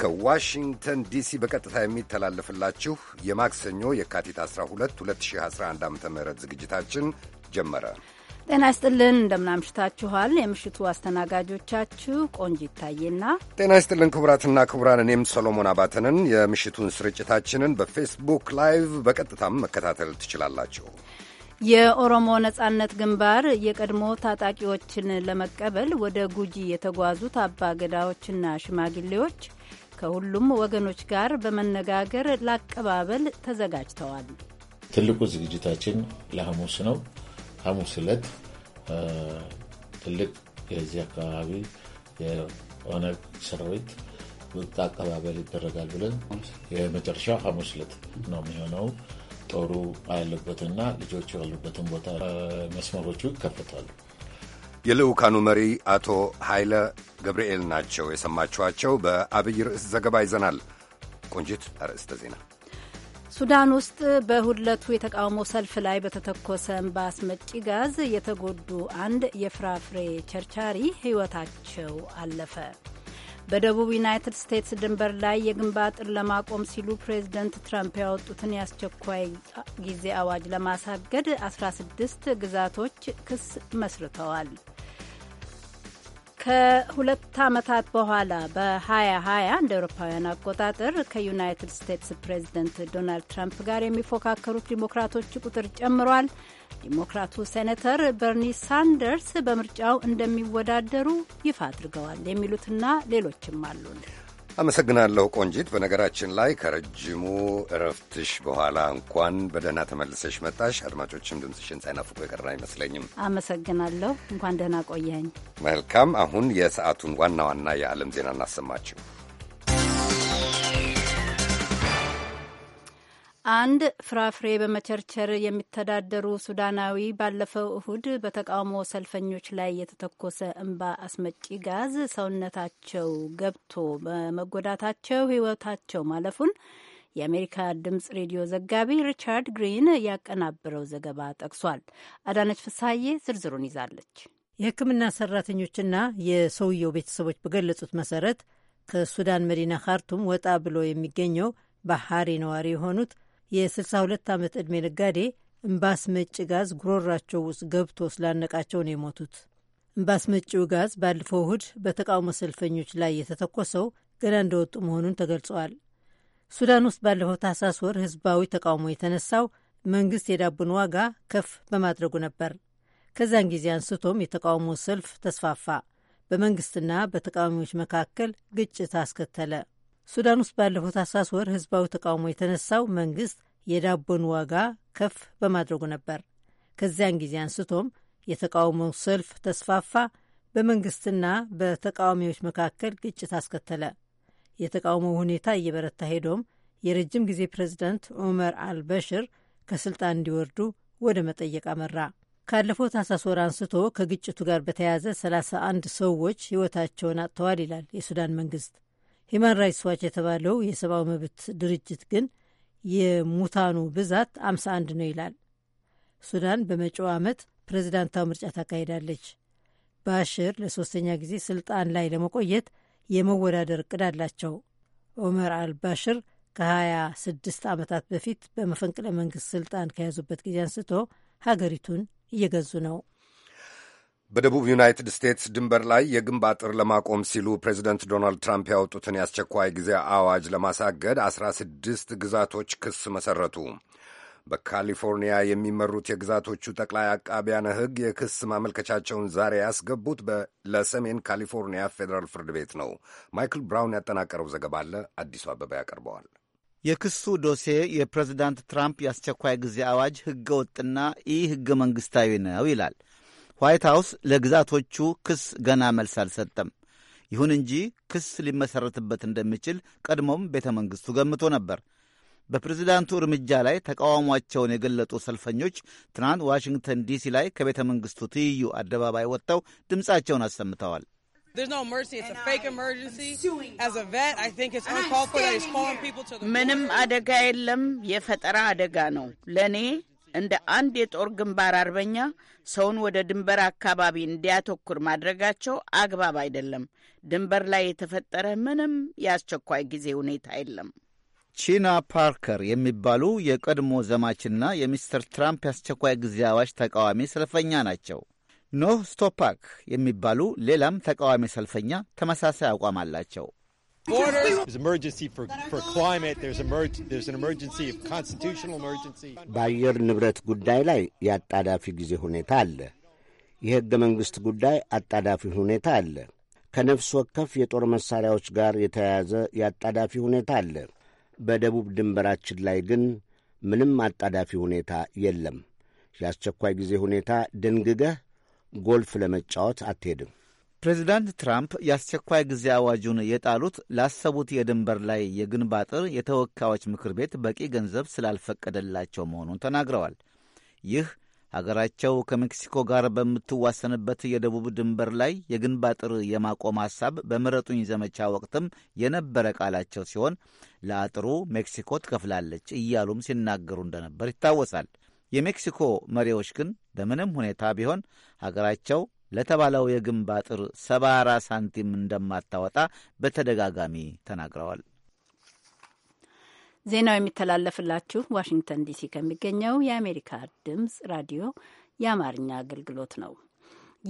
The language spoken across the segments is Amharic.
ከዋሽንግተን ዲሲ በቀጥታ የሚተላለፍላችሁ የማክሰኞ የካቲት 12 2011 ዓ ም ዝግጅታችን ጀመረ። ጤና ይስጥልን፣ እንደምናምሽታችኋል። የምሽቱ አስተናጋጆቻችሁ ቆንጅ ይታየና፣ ጤና ይስጥልን ክቡራትና ክቡራን፣ እኔም ሰሎሞን አባተንን። የምሽቱን ስርጭታችንን በፌስቡክ ላይቭ በቀጥታም መከታተል ትችላላችሁ። የኦሮሞ ነጻነት ግንባር የቀድሞ ታጣቂዎችን ለመቀበል ወደ ጉጂ የተጓዙት አባ ገዳዎችና ሽማግሌዎች ከሁሉም ወገኖች ጋር በመነጋገር ለአቀባበል ተዘጋጅተዋል። ትልቁ ዝግጅታችን ለሐሙስ ነው። ሐሙስ ዕለት ትልቅ የዚህ አካባቢ የኦነግ ሰራዊት አቀባበል ይደረጋል ብለን የመጨረሻው ሐሙስ ዕለት ነው የሚሆነው። ጦሩ ያለበትና ልጆቹ ያሉበትን ቦታ መስመሮቹ ይከፈታሉ። የልዑካኑ መሪ አቶ ኃይለ ገብርኤል ናቸው የሰማችኋቸው። በአብይ ርዕስ ዘገባ ይዘናል። ቆንጂት፣ አርዕስተ ዜና ሱዳን ውስጥ በሁለቱ የተቃውሞ ሰልፍ ላይ በተተኮሰ እምባ አስመጪ ጋዝ የተጎዱ አንድ የፍራፍሬ ቸርቻሪ ሕይወታቸው አለፈ። በደቡብ ዩናይትድ ስቴትስ ድንበር ላይ የግንብ አጥር ለማቆም ሲሉ ፕሬዝደንት ትራምፕ ያወጡትን የአስቸኳይ ጊዜ አዋጅ ለማሳገድ 16 ግዛቶች ክስ መስርተዋል። ከሁለት ዓመታት በኋላ በ2020 እንደ አውሮፓውያን አቆጣጠር ከዩናይትድ ስቴትስ ፕሬዚደንት ዶናልድ ትራምፕ ጋር የሚፎካከሩት ዲሞክራቶች ቁጥር ጨምሯል። ዲሞክራቱ ሴኔተር በርኒ ሳንደርስ በምርጫው እንደሚወዳደሩ ይፋ አድርገዋል። የሚሉትና ሌሎችም አሉን። አመሰግናለሁ ቆንጂት። በነገራችን ላይ ከረጅሙ እረፍትሽ በኋላ እንኳን በደህና ተመልሰሽ መጣሽ። አድማጮችም ድምፅሽን ሳይናፍቁ የቀረ አይመስለኝም። አመሰግናለሁ። እንኳን ደህና ቆየኝ። መልካም። አሁን የሰዓቱን ዋና ዋና የዓለም ዜና እናሰማችው። አንድ ፍራፍሬ በመቸርቸር የሚተዳደሩ ሱዳናዊ ባለፈው እሁድ በተቃውሞ ሰልፈኞች ላይ የተተኮሰ እንባ አስመጪ ጋዝ ሰውነታቸው ገብቶ በመጎዳታቸው ሕይወታቸው ማለፉን የአሜሪካ ድምጽ ሬዲዮ ዘጋቢ ሪቻርድ ግሪን ያቀናብረው ዘገባ ጠቅሷል። አዳነች ፍሳዬ ዝርዝሩን ይዛለች። የሕክምና ሰራተኞችና የሰውየው ቤተሰቦች በገለጹት መሰረት ከሱዳን መዲና ካርቱም ወጣ ብሎ የሚገኘው ባህሪ ነዋሪ የሆኑት የ62 ዓመት ዕድሜ ነጋዴ እምባስ መጭ ጋዝ ጉሮራቸው ውስጥ ገብቶ ስላነቃቸው ነው የሞቱት። እምባስ መጪው ጋዝ ባለፈው እሁድ በተቃውሞ ሰልፈኞች ላይ የተተኮሰው ገና እንደወጡ መሆኑን ተገልጸዋል። ሱዳን ውስጥ ባለፈው ታህሳስ ወር ህዝባዊ ተቃውሞ የተነሳው መንግስት የዳቦን ዋጋ ከፍ በማድረጉ ነበር። ከዚያን ጊዜ አንስቶም የተቃውሞ ሰልፍ ተስፋፋ፣ በመንግስትና በተቃዋሚዎች መካከል ግጭት አስከተለ። ሱዳን ውስጥ ባለፈው ታህሳስ ወር ህዝባዊ ተቃውሞ የተነሳው መንግስት የዳቦን ዋጋ ከፍ በማድረጉ ነበር። ከዚያን ጊዜ አንስቶም የተቃውሞው ሰልፍ ተስፋፋ፣ በመንግስትና በተቃዋሚዎች መካከል ግጭት አስከተለ። የተቃውሞው ሁኔታ እየበረታ ሄዶም የረጅም ጊዜ ፕሬዚዳንት ዑመር አልበሽር ከስልጣን እንዲወርዱ ወደ መጠየቅ አመራ። ካለፈው ታህሳስ ወር አንስቶ ከግጭቱ ጋር በተያያዘ 31 ሰዎች ህይወታቸውን አጥተዋል ይላል የሱዳን መንግስት። ሂማን ራይትስ ዋች የተባለው የሰብአዊ መብት ድርጅት ግን የሙታኑ ብዛት 51 ነው ይላል። ሱዳን በመጪው ዓመት ፕሬዚዳንታዊ ምርጫ ታካሂዳለች። ባሽር ለሶስተኛ ጊዜ ስልጣን ላይ ለመቆየት የመወዳደር እቅድ አላቸው። ኦመር አልባሽር ከ26 ዓመታት በፊት በመፈንቅለ መንግስት ስልጣን ከያዙበት ጊዜ አንስቶ ሀገሪቱን እየገዙ ነው። በደቡብ ዩናይትድ ስቴትስ ድንበር ላይ የግንብ አጥር ለማቆም ሲሉ ፕሬዚደንት ዶናልድ ትራምፕ ያወጡትን የአስቸኳይ ጊዜ አዋጅ ለማሳገድ አስራ ስድስት ግዛቶች ክስ መሰረቱ። በካሊፎርኒያ የሚመሩት የግዛቶቹ ጠቅላይ አቃቢያነ ሕግ የክስ ማመልከቻቸውን ዛሬ ያስገቡት ለሰሜን ካሊፎርኒያ ፌዴራል ፍርድ ቤት ነው። ማይክል ብራውን ያጠናቀረው ዘገባ አለ፣ አዲሱ አበባ ያቀርበዋል። የክሱ ዶሴ የፕሬዚዳንት ትራምፕ የአስቸኳይ ጊዜ አዋጅ ሕገ ወጥና ኢ ሕገ መንግሥታዊ ነው ይላል። ዋይት ሀውስ ለግዛቶቹ ክስ ገና መልስ አልሰጠም። ይሁን እንጂ ክስ ሊመሠረትበት እንደሚችል ቀድሞም ቤተ መንግሥቱ ገምቶ ነበር። በፕሬዝዳንቱ እርምጃ ላይ ተቃውሟቸውን የገለጡ ሰልፈኞች ትናንት ዋሽንግተን ዲሲ ላይ ከቤተ መንግሥቱ ትይዩ አደባባይ ወጥተው ድምፃቸውን አሰምተዋል። ምንም አደጋ የለም። የፈጠራ አደጋ ነው። ለእኔ እንደ አንድ የጦር ግንባር አርበኛ ሰውን ወደ ድንበር አካባቢ እንዲያተኩር ማድረጋቸው አግባብ አይደለም። ድንበር ላይ የተፈጠረ ምንም የአስቸኳይ ጊዜ ሁኔታ የለም። ቺና ፓርከር የሚባሉ የቀድሞ ዘማችና የሚስተር ትራምፕ የአስቸኳይ ጊዜ አዋጅ ተቃዋሚ ሰልፈኛ ናቸው። ኖህ ስቶፓክ የሚባሉ ሌላም ተቃዋሚ ሰልፈኛ ተመሳሳይ አቋም አላቸው። በአየር ንብረት ጉዳይ ላይ የአጣዳፊ ጊዜ ሁኔታ አለ። የሕገ መንግሥት ጉዳይ አጣዳፊ ሁኔታ አለ። ከነፍስ ወከፍ የጦር መሣሪያዎች ጋር የተያያዘ የአጣዳፊ ሁኔታ አለ። በደቡብ ድንበራችን ላይ ግን ምንም አጣዳፊ ሁኔታ የለም። የአስቸኳይ ጊዜ ሁኔታ ደንግገህ ጎልፍ ለመጫወት አትሄድም። ፕሬዚዳንት ትራምፕ የአስቸኳይ ጊዜ አዋጁን የጣሉት ላሰቡት የድንበር ላይ የግንብ አጥር የተወካዮች ምክር ቤት በቂ ገንዘብ ስላልፈቀደላቸው መሆኑን ተናግረዋል። ይህ አገራቸው ከሜክሲኮ ጋር በምትዋሰንበት የደቡብ ድንበር ላይ የግንብ አጥር የማቆም ሐሳብ በምረጡኝ ዘመቻ ወቅትም የነበረ ቃላቸው ሲሆን ለአጥሩ ሜክሲኮ ትከፍላለች እያሉም ሲናገሩ እንደነበር ይታወሳል። የሜክሲኮ መሪዎች ግን በምንም ሁኔታ ቢሆን ሀገራቸው ለተባለው የግንብ አጥር 74 ሳንቲም እንደማታወጣ በተደጋጋሚ ተናግረዋል። ዜናው የሚተላለፍላችሁ ዋሽንግተን ዲሲ ከሚገኘው የአሜሪካ ድምፅ ራዲዮ የአማርኛ አገልግሎት ነው።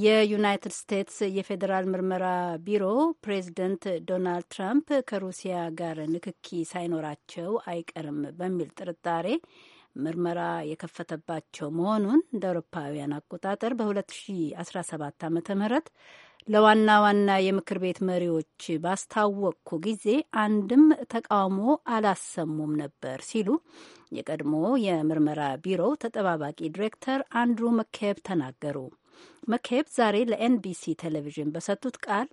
የዩናይትድ ስቴትስ የፌዴራል ምርመራ ቢሮ ፕሬዚደንት ዶናልድ ትራምፕ ከሩሲያ ጋር ንክኪ ሳይኖራቸው አይቀርም በሚል ጥርጣሬ ምርመራ የከፈተባቸው መሆኑን እንደ አውሮፓውያን አቆጣጠር በ2017 ዓ ም ለዋና ዋና የምክር ቤት መሪዎች ባስታወቅኩ ጊዜ አንድም ተቃውሞ አላሰሙም ነበር ሲሉ የቀድሞ የምርመራ ቢሮው ተጠባባቂ ዲሬክተር አንድሩ መኬብ ተናገሩ። መኬብ ዛሬ ለኤንቢሲ ቴሌቪዥን በሰጡት ቃል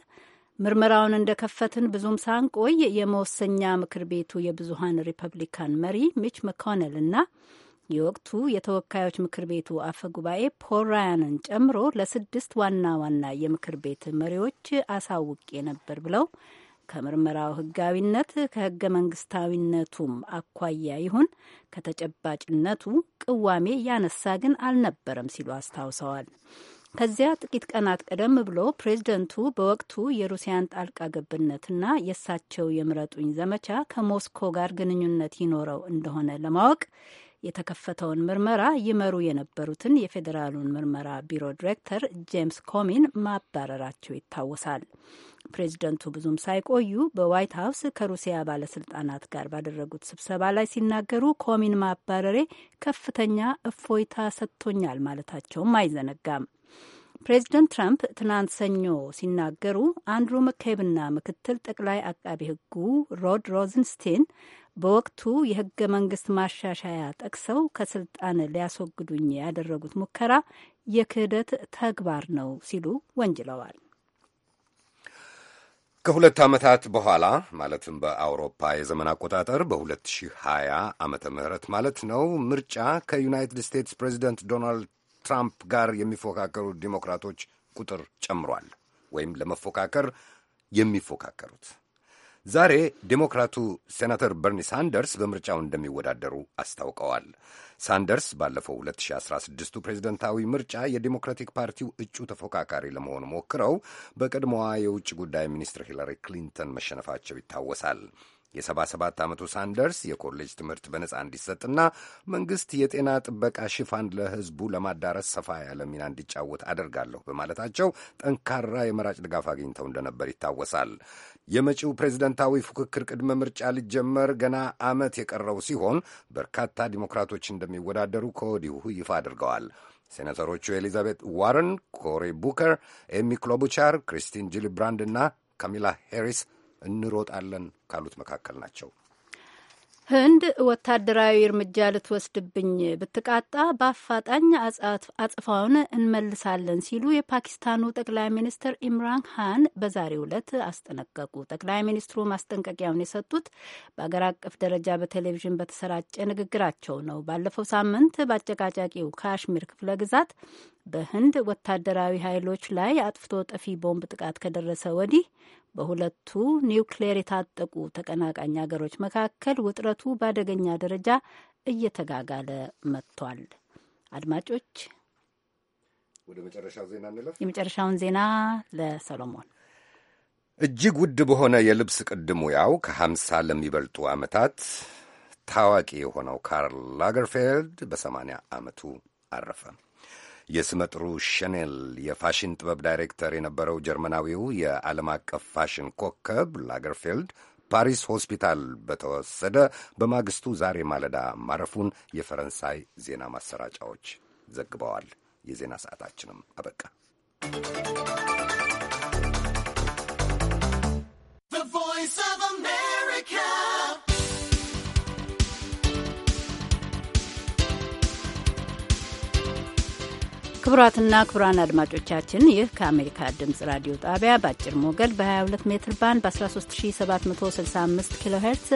ምርመራውን እንደከፈትን ብዙም ሳንቆይ የመወሰኛ ምክር ቤቱ የብዙሀን ሪፐብሊካን መሪ ሚች መኮነል እና የወቅቱ የተወካዮች ምክር ቤቱ አፈ ጉባኤ ፖል ራያንን ጨምሮ ለስድስት ዋና ዋና የምክር ቤት መሪዎች አሳውቄ ነበር ብለው ከምርመራው ህጋዊነት ከህገ መንግስታዊነቱም አኳያ ይሁን ከተጨባጭነቱ ቅዋሜ ያነሳ ግን አልነበረም ሲሉ አስታውሰዋል። ከዚያ ጥቂት ቀናት ቀደም ብሎ ፕሬዝደንቱ በወቅቱ የሩሲያን ጣልቃ ገብነትና የእሳቸው የምረጡኝ ዘመቻ ከሞስኮ ጋር ግንኙነት ይኖረው እንደሆነ ለማወቅ የተከፈተውን ምርመራ ይመሩ የነበሩትን የፌዴራሉን ምርመራ ቢሮ ዲሬክተር ጄምስ ኮሚን ማባረራቸው ይታወሳል። ፕሬዚደንቱ ብዙም ሳይቆዩ በዋይት ሀውስ ከሩሲያ ባለስልጣናት ጋር ባደረጉት ስብሰባ ላይ ሲናገሩ ኮሚን ማባረሬ ከፍተኛ እፎይታ ሰጥቶኛል ማለታቸውም አይዘነጋም። ፕሬዚደንት ትራምፕ ትናንት ሰኞ ሲናገሩ አንድሩ መካብና ምክትል ጠቅላይ አቃቢ ሕጉ ሮድ ሮዝንስቴን በወቅቱ የህገ መንግስት ማሻሻያ ጠቅሰው ከስልጣን ሊያስወግዱኝ ያደረጉት ሙከራ የክህደት ተግባር ነው ሲሉ ወንጅለዋል። ከሁለት ዓመታት በኋላ ማለትም በአውሮፓ የዘመን አቆጣጠር በ2020 ዓመተ ምህረት ማለት ነው ምርጫ ከዩናይትድ ስቴትስ ፕሬዚደንት ዶናልድ ትራምፕ ጋር የሚፎካከሩ ዲሞክራቶች ቁጥር ጨምሯል፣ ወይም ለመፎካከር የሚፎካከሩት። ዛሬ ዴሞክራቱ ሴናተር በርኒ ሳንደርስ በምርጫው እንደሚወዳደሩ አስታውቀዋል። ሳንደርስ ባለፈው 2016ቱ ፕሬዝደንታዊ ምርጫ የዴሞክራቲክ ፓርቲው እጩ ተፎካካሪ ለመሆን ሞክረው በቀድሞዋ የውጭ ጉዳይ ሚኒስትር ሂላሪ ክሊንተን መሸነፋቸው ይታወሳል። የ77 ዓመቱ ሳንደርስ የኮሌጅ ትምህርት በነጻ እንዲሰጥና መንግሥት የጤና ጥበቃ ሽፋን ለሕዝቡ ለማዳረስ ሰፋ ያለ ሚና እንዲጫወት አደርጋለሁ በማለታቸው ጠንካራ የመራጭ ድጋፍ አግኝተው እንደነበር ይታወሳል። የመጪው ፕሬዝደንታዊ ፉክክር ቅድመ ምርጫ ሊጀመር ገና ዓመት የቀረው ሲሆን በርካታ ዲሞክራቶች እንደሚወዳደሩ ከወዲሁ ይፋ አድርገዋል። ሴናተሮቹ ኤሊዛቤት ዋረን፣ ኮሪ ቡከር፣ ኤሚ ክሎቡቻር፣ ክሪስቲን ጂሊብራንድ እና ካሚላ ሄሪስ እንሮጣለን ካሉት መካከል ናቸው። ህንድ ወታደራዊ እርምጃ ልትወስድብኝ ብትቃጣ በአፋጣኝ አጽፋውን እንመልሳለን ሲሉ የፓኪስታኑ ጠቅላይ ሚኒስትር ኢምራን ሃን በዛሬው ዕለት አስጠነቀቁ። ጠቅላይ ሚኒስትሩ ማስጠንቀቂያውን የሰጡት በአገር አቀፍ ደረጃ በቴሌቪዥን በተሰራጨ ንግግራቸው ነው። ባለፈው ሳምንት በአጨቃጫቂው ካሽሚር ክፍለ ግዛት በህንድ ወታደራዊ ኃይሎች ላይ አጥፍቶ ጠፊ ቦምብ ጥቃት ከደረሰ ወዲህ በሁለቱ ኒውክሌር የታጠቁ ተቀናቃኝ ሀገሮች መካከል ውጥረቱ በአደገኛ ደረጃ እየተጋጋለ መጥቷል። አድማጮች፣ ወደ መጨረሻው ዜና እንለፍ። የመጨረሻውን ዜና ለሰሎሞን እጅግ ውድ በሆነ የልብስ ቅድ ሙያው ከሀምሳ ለሚበልጡ ዓመታት ታዋቂ የሆነው ካርል ላገርፌልድ በሰማንያ ዓመቱ አረፈ። የስመጥሩ ሸኔል የፋሽን ጥበብ ዳይሬክተር የነበረው ጀርመናዊው የዓለም አቀፍ ፋሽን ኮከብ ላገርፌልድ ፓሪስ ሆስፒታል በተወሰደ በማግስቱ ዛሬ ማለዳ ማረፉን የፈረንሳይ ዜና ማሰራጫዎች ዘግበዋል። የዜና ሰዓታችንም አበቃ። ክቡራትና ክቡራን አድማጮቻችን ይህ ከአሜሪካ ድምፅ ራዲዮ ጣቢያ በአጭር ሞገድ በ22 ሜትር ባንድ በ13765 ኪሎ ሄርትስ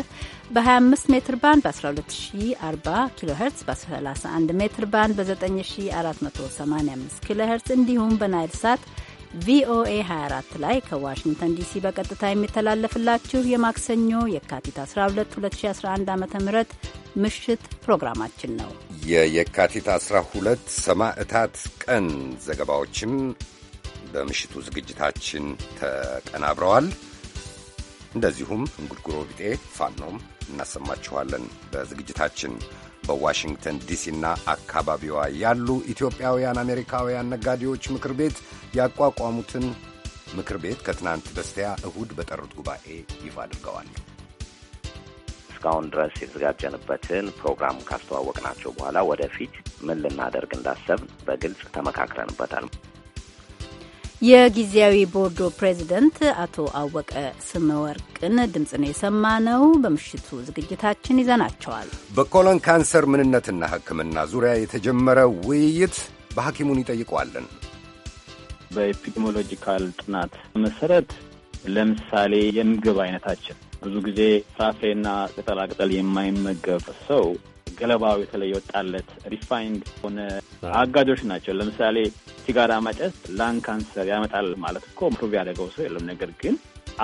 በ25 ሜትር ባንድ በ1240 ኪሎ ሄርትስ በ31 ሜትር ባንድ በ9485 ኪሎ ሄርትስ እንዲሁም በናይል ሳት ቪኦኤ 24 ላይ ከዋሽንግተን ዲሲ በቀጥታ የሚተላለፍላችሁ የማክሰኞ የካቲት 12 2011 ዓ ም ምሽት ፕሮግራማችን ነው። የየካቲት 12 ሰማዕታት ቀን ዘገባዎችም በምሽቱ ዝግጅታችን ተቀናብረዋል። እንደዚሁም እንጉድጉሮ ቢጤ ፋኖም እናሰማችኋለን። በዝግጅታችን በዋሽንግተን ዲሲና አካባቢዋ ያሉ ኢትዮጵያውያን አሜሪካውያን ነጋዴዎች ምክር ቤት ያቋቋሙትን ምክር ቤት ከትናንት በስቲያ እሁድ በጠሩት ጉባኤ ይፋ አድርገዋል። እስካሁን ድረስ የተዘጋጀንበትን ፕሮግራም ካስተዋወቅናቸው በኋላ ወደፊት ምን ልናደርግ እንዳሰብ በግልጽ ተመካክረንበታል። የጊዜያዊ ቦርዶ ፕሬዚደንት አቶ አወቀ ስመወርቅን ድምፅ ነው ነው። በምሽቱ ዝግጅታችን ይዘናቸዋል። በኮሎን ካንሰር ምንነትና ሕክምና ዙሪያ የተጀመረ ውይይት በሐኪሙን ይጠይቋለን። በኤፒዲሞሎጂካል ጥናት መሰረት ለምሳሌ የምግብ አይነታችን ብዙ ጊዜ ፍራፍሬና ቅጠላቅጠል የማይመገብ ሰው ገለባው የተለየ ወጣለት ሪፋይንድ ሆነ አጋጆች ናቸው። ለምሳሌ ሲጋራ ማጨስ ላንግ ካንሰር ያመጣል ማለት እኮ ፕሩቭ ያደረገው ሰው የለም። ነገር ግን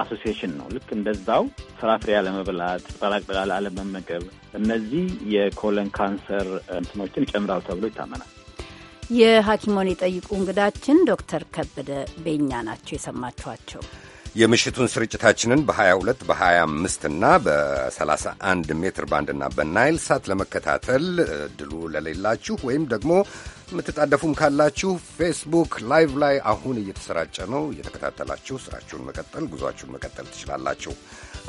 አሶሲሽን ነው። ልክ እንደዛው ፍራፍሬ አለመብላት፣ ቅጠላቅጠል አለመመገብ፣ እነዚህ የኮለን ካንሰር እንትኖችን ይጨምራሉ ተብሎ ይታመናል። የሐኪሞን የጠይቁ እንግዳችን ዶክተር ከበደ ቤኛ ናቸው የሰማችኋቸው። የምሽቱን ስርጭታችንን በ22 በ25 እና በ31 ሜትር ባንድና በናይል ሳት ለመከታተል እድሉ ለሌላችሁ ወይም ደግሞ የምትጣደፉም ካላችሁ ፌስቡክ ላይቭ ላይ አሁን እየተሰራጨ ነው። እየተከታተላችሁ ስራችሁን መቀጠል፣ ጉዟችሁን መቀጠል ትችላላችሁ።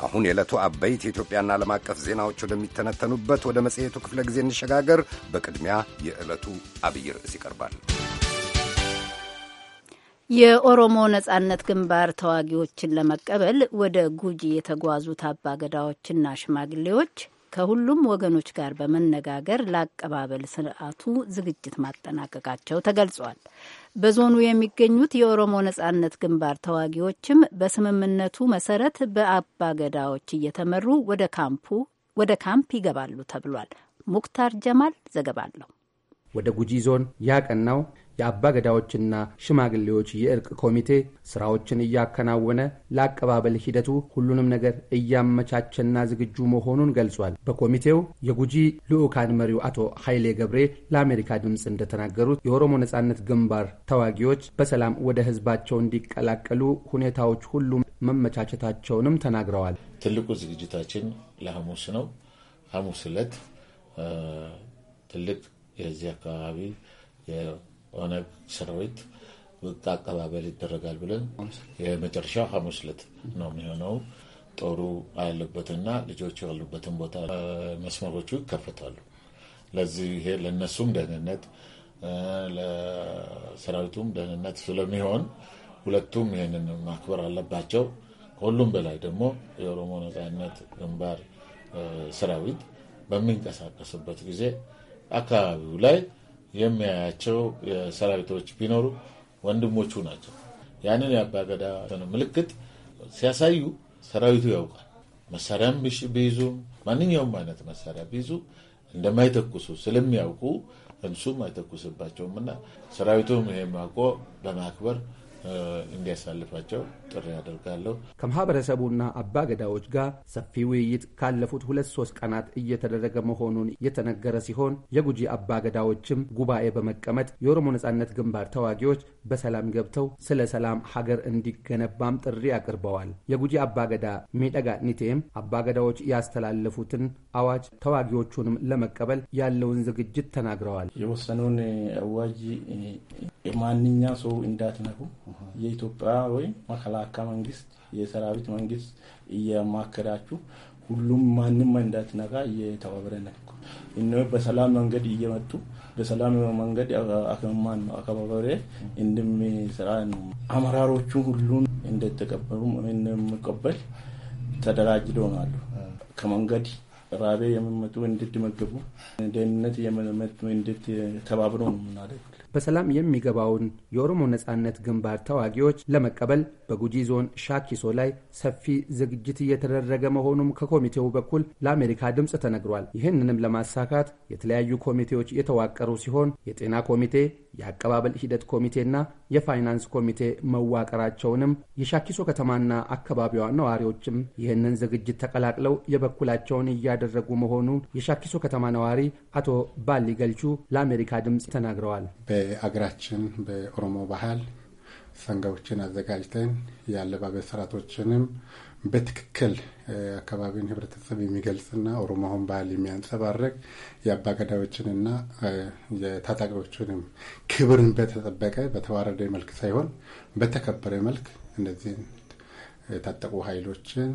አሁን የዕለቱ አበይት የኢትዮጵያና ዓለም አቀፍ ዜናዎች ወደሚተነተኑበት ወደ መጽሔቱ ክፍለ ጊዜ እንሸጋገር። በቅድሚያ የዕለቱ አብይ ርዕስ ይቀርባል። የኦሮሞ ነጻነት ግንባር ተዋጊዎችን ለመቀበል ወደ ጉጂ የተጓዙት አባገዳዎችና ሽማግሌዎች ከሁሉም ወገኖች ጋር በመነጋገር ለአቀባበል ስርዓቱ ዝግጅት ማጠናቀቃቸው ተገልጿል። በዞኑ የሚገኙት የኦሮሞ ነጻነት ግንባር ተዋጊዎችም በስምምነቱ መሰረት በአባገዳዎች እየተመሩ ወደ ካምፑ ወደ ካምፕ ይገባሉ ተብሏል። ሙክታር ጀማል ዘገባለሁ። ወደ ጉጂ ዞን ያቀናው የአባ ገዳዎችና ሽማግሌዎች የእርቅ ኮሚቴ ስራዎችን እያከናወነ ለአቀባበል ሂደቱ ሁሉንም ነገር እያመቻቸና ዝግጁ መሆኑን ገልጿል። በኮሚቴው የጉጂ ልዑካን መሪው አቶ ኃይሌ ገብሬ ለአሜሪካ ድምፅ እንደተናገሩት የኦሮሞ ነጻነት ግንባር ተዋጊዎች በሰላም ወደ ህዝባቸው እንዲቀላቀሉ ሁኔታዎች ሁሉ መመቻቸታቸውንም ተናግረዋል። ትልቁ ዝግጅታችን ለሐሙስ ነው። ሐሙስ ዕለት ትልቅ የዚህ አካባቢ ኦነግ ሰራዊት አቀባበል ይደረጋል ብለን የመጨረሻው ሐሙስ ዕለት ነው የሚሆነው። ጦሩ ያለበትና ልጆቹ ያሉበትን ቦታ መስመሮቹ ይከፈታሉ። ለዚህ ይሄ ለእነሱም ደህንነት ለሰራዊቱም ደህንነት ስለሚሆን ሁለቱም ይህንን ማክበር አለባቸው። ከሁሉም በላይ ደግሞ የኦሮሞ ነፃነት ግንባር ሰራዊት በሚንቀሳቀስበት ጊዜ አካባቢው ላይ የሚያያቸው ሰራዊቶች ቢኖሩ ወንድሞቹ ናቸው። ያንን የአባገዳ ምልክት ሲያሳዩ ሰራዊቱ ያውቃል። መሳሪያም ቢይዙ ማንኛውም አይነት መሳሪያ ቢይዙ እንደማይተኩሱ ስለሚያውቁ እሱም አይተኩስባቸውም እና ሰራዊቱም ይሄ ማቆ በማክበር እንዲያሳልፋቸው ጥሪ አደርጋለሁ። ከማህበረሰቡና አባ ገዳዎች ጋር ሰፊ ውይይት ካለፉት ሁለት ሶስት ቀናት እየተደረገ መሆኑን የተነገረ ሲሆን የጉጂ አባ ገዳዎችም ጉባኤ በመቀመጥ የኦሮሞ ነጻነት ግንባር ተዋጊዎች በሰላም ገብተው ስለ ሰላም ሀገር እንዲገነባም ጥሪ አቅርበዋል። የጉጂ አባ ገዳ ሚደጋ ኒቴም አባ ገዳዎች ያስተላለፉትን አዋጅ ተዋጊዎቹንም ለመቀበል ያለውን ዝግጅት ተናግረዋል። የወሰነውን አዋጅ ማንኛ ሰው እንዳትነፉ የኢትዮጵያ ወይም መከላከያ መንግስት፣ የሰራዊት መንግስት እየማከራችሁ ሁሉም ማንም እንዳትነካ እየተባበረ ነው። እነ በሰላም መንገድ እየመጡ በሰላም መንገድ አክማን አከባበሬ እንደሚሰራ ነው። አመራሮቹ ሁሉን እንደተቀበሉ እንደሚቀበል ተደራጅ ሆናሉ። ከመንገድ ራቤ የምመጡ እንድትመገቡ ደህንነት የሚመጡ እንድትተባብሮ ነው የምናደርጉ በሰላም የሚገባውን የኦሮሞ ነጻነት ግንባር ተዋጊዎች ለመቀበል በጉጂ ዞን ሻኪሶ ላይ ሰፊ ዝግጅት እየተደረገ መሆኑም ከኮሚቴው በኩል ለአሜሪካ ድምፅ ተነግሯል። ይህንንም ለማሳካት የተለያዩ ኮሚቴዎች የተዋቀሩ ሲሆን የጤና ኮሚቴ፣ የአቀባበል ሂደት ኮሚቴና የፋይናንስ ኮሚቴ መዋቀራቸውንም የሻኪሶ ከተማና አካባቢዋ ነዋሪዎችም ይህንን ዝግጅት ተቀላቅለው የበኩላቸውን እያደረጉ መሆኑ የሻኪሶ ከተማ ነዋሪ አቶ ባሊ ገልቹ ለአሜሪካ ድምፅ ተናግረዋል። በአገራችን በኦሮሞ ባህል ሰንጋዎችን አዘጋጅተን የአለባበስ ስርዓቶችንም በትክክል አካባቢውን ህብረተሰብ የሚገልጽና ኦሮሞውን ባህል የሚያንጸባርቅ የአባገዳዮችንና የታጣቂዎችንም ክብርን በተጠበቀ በተዋረደ መልክ ሳይሆን በተከበረ መልክ እነዚህን የታጠቁ ኃይሎችን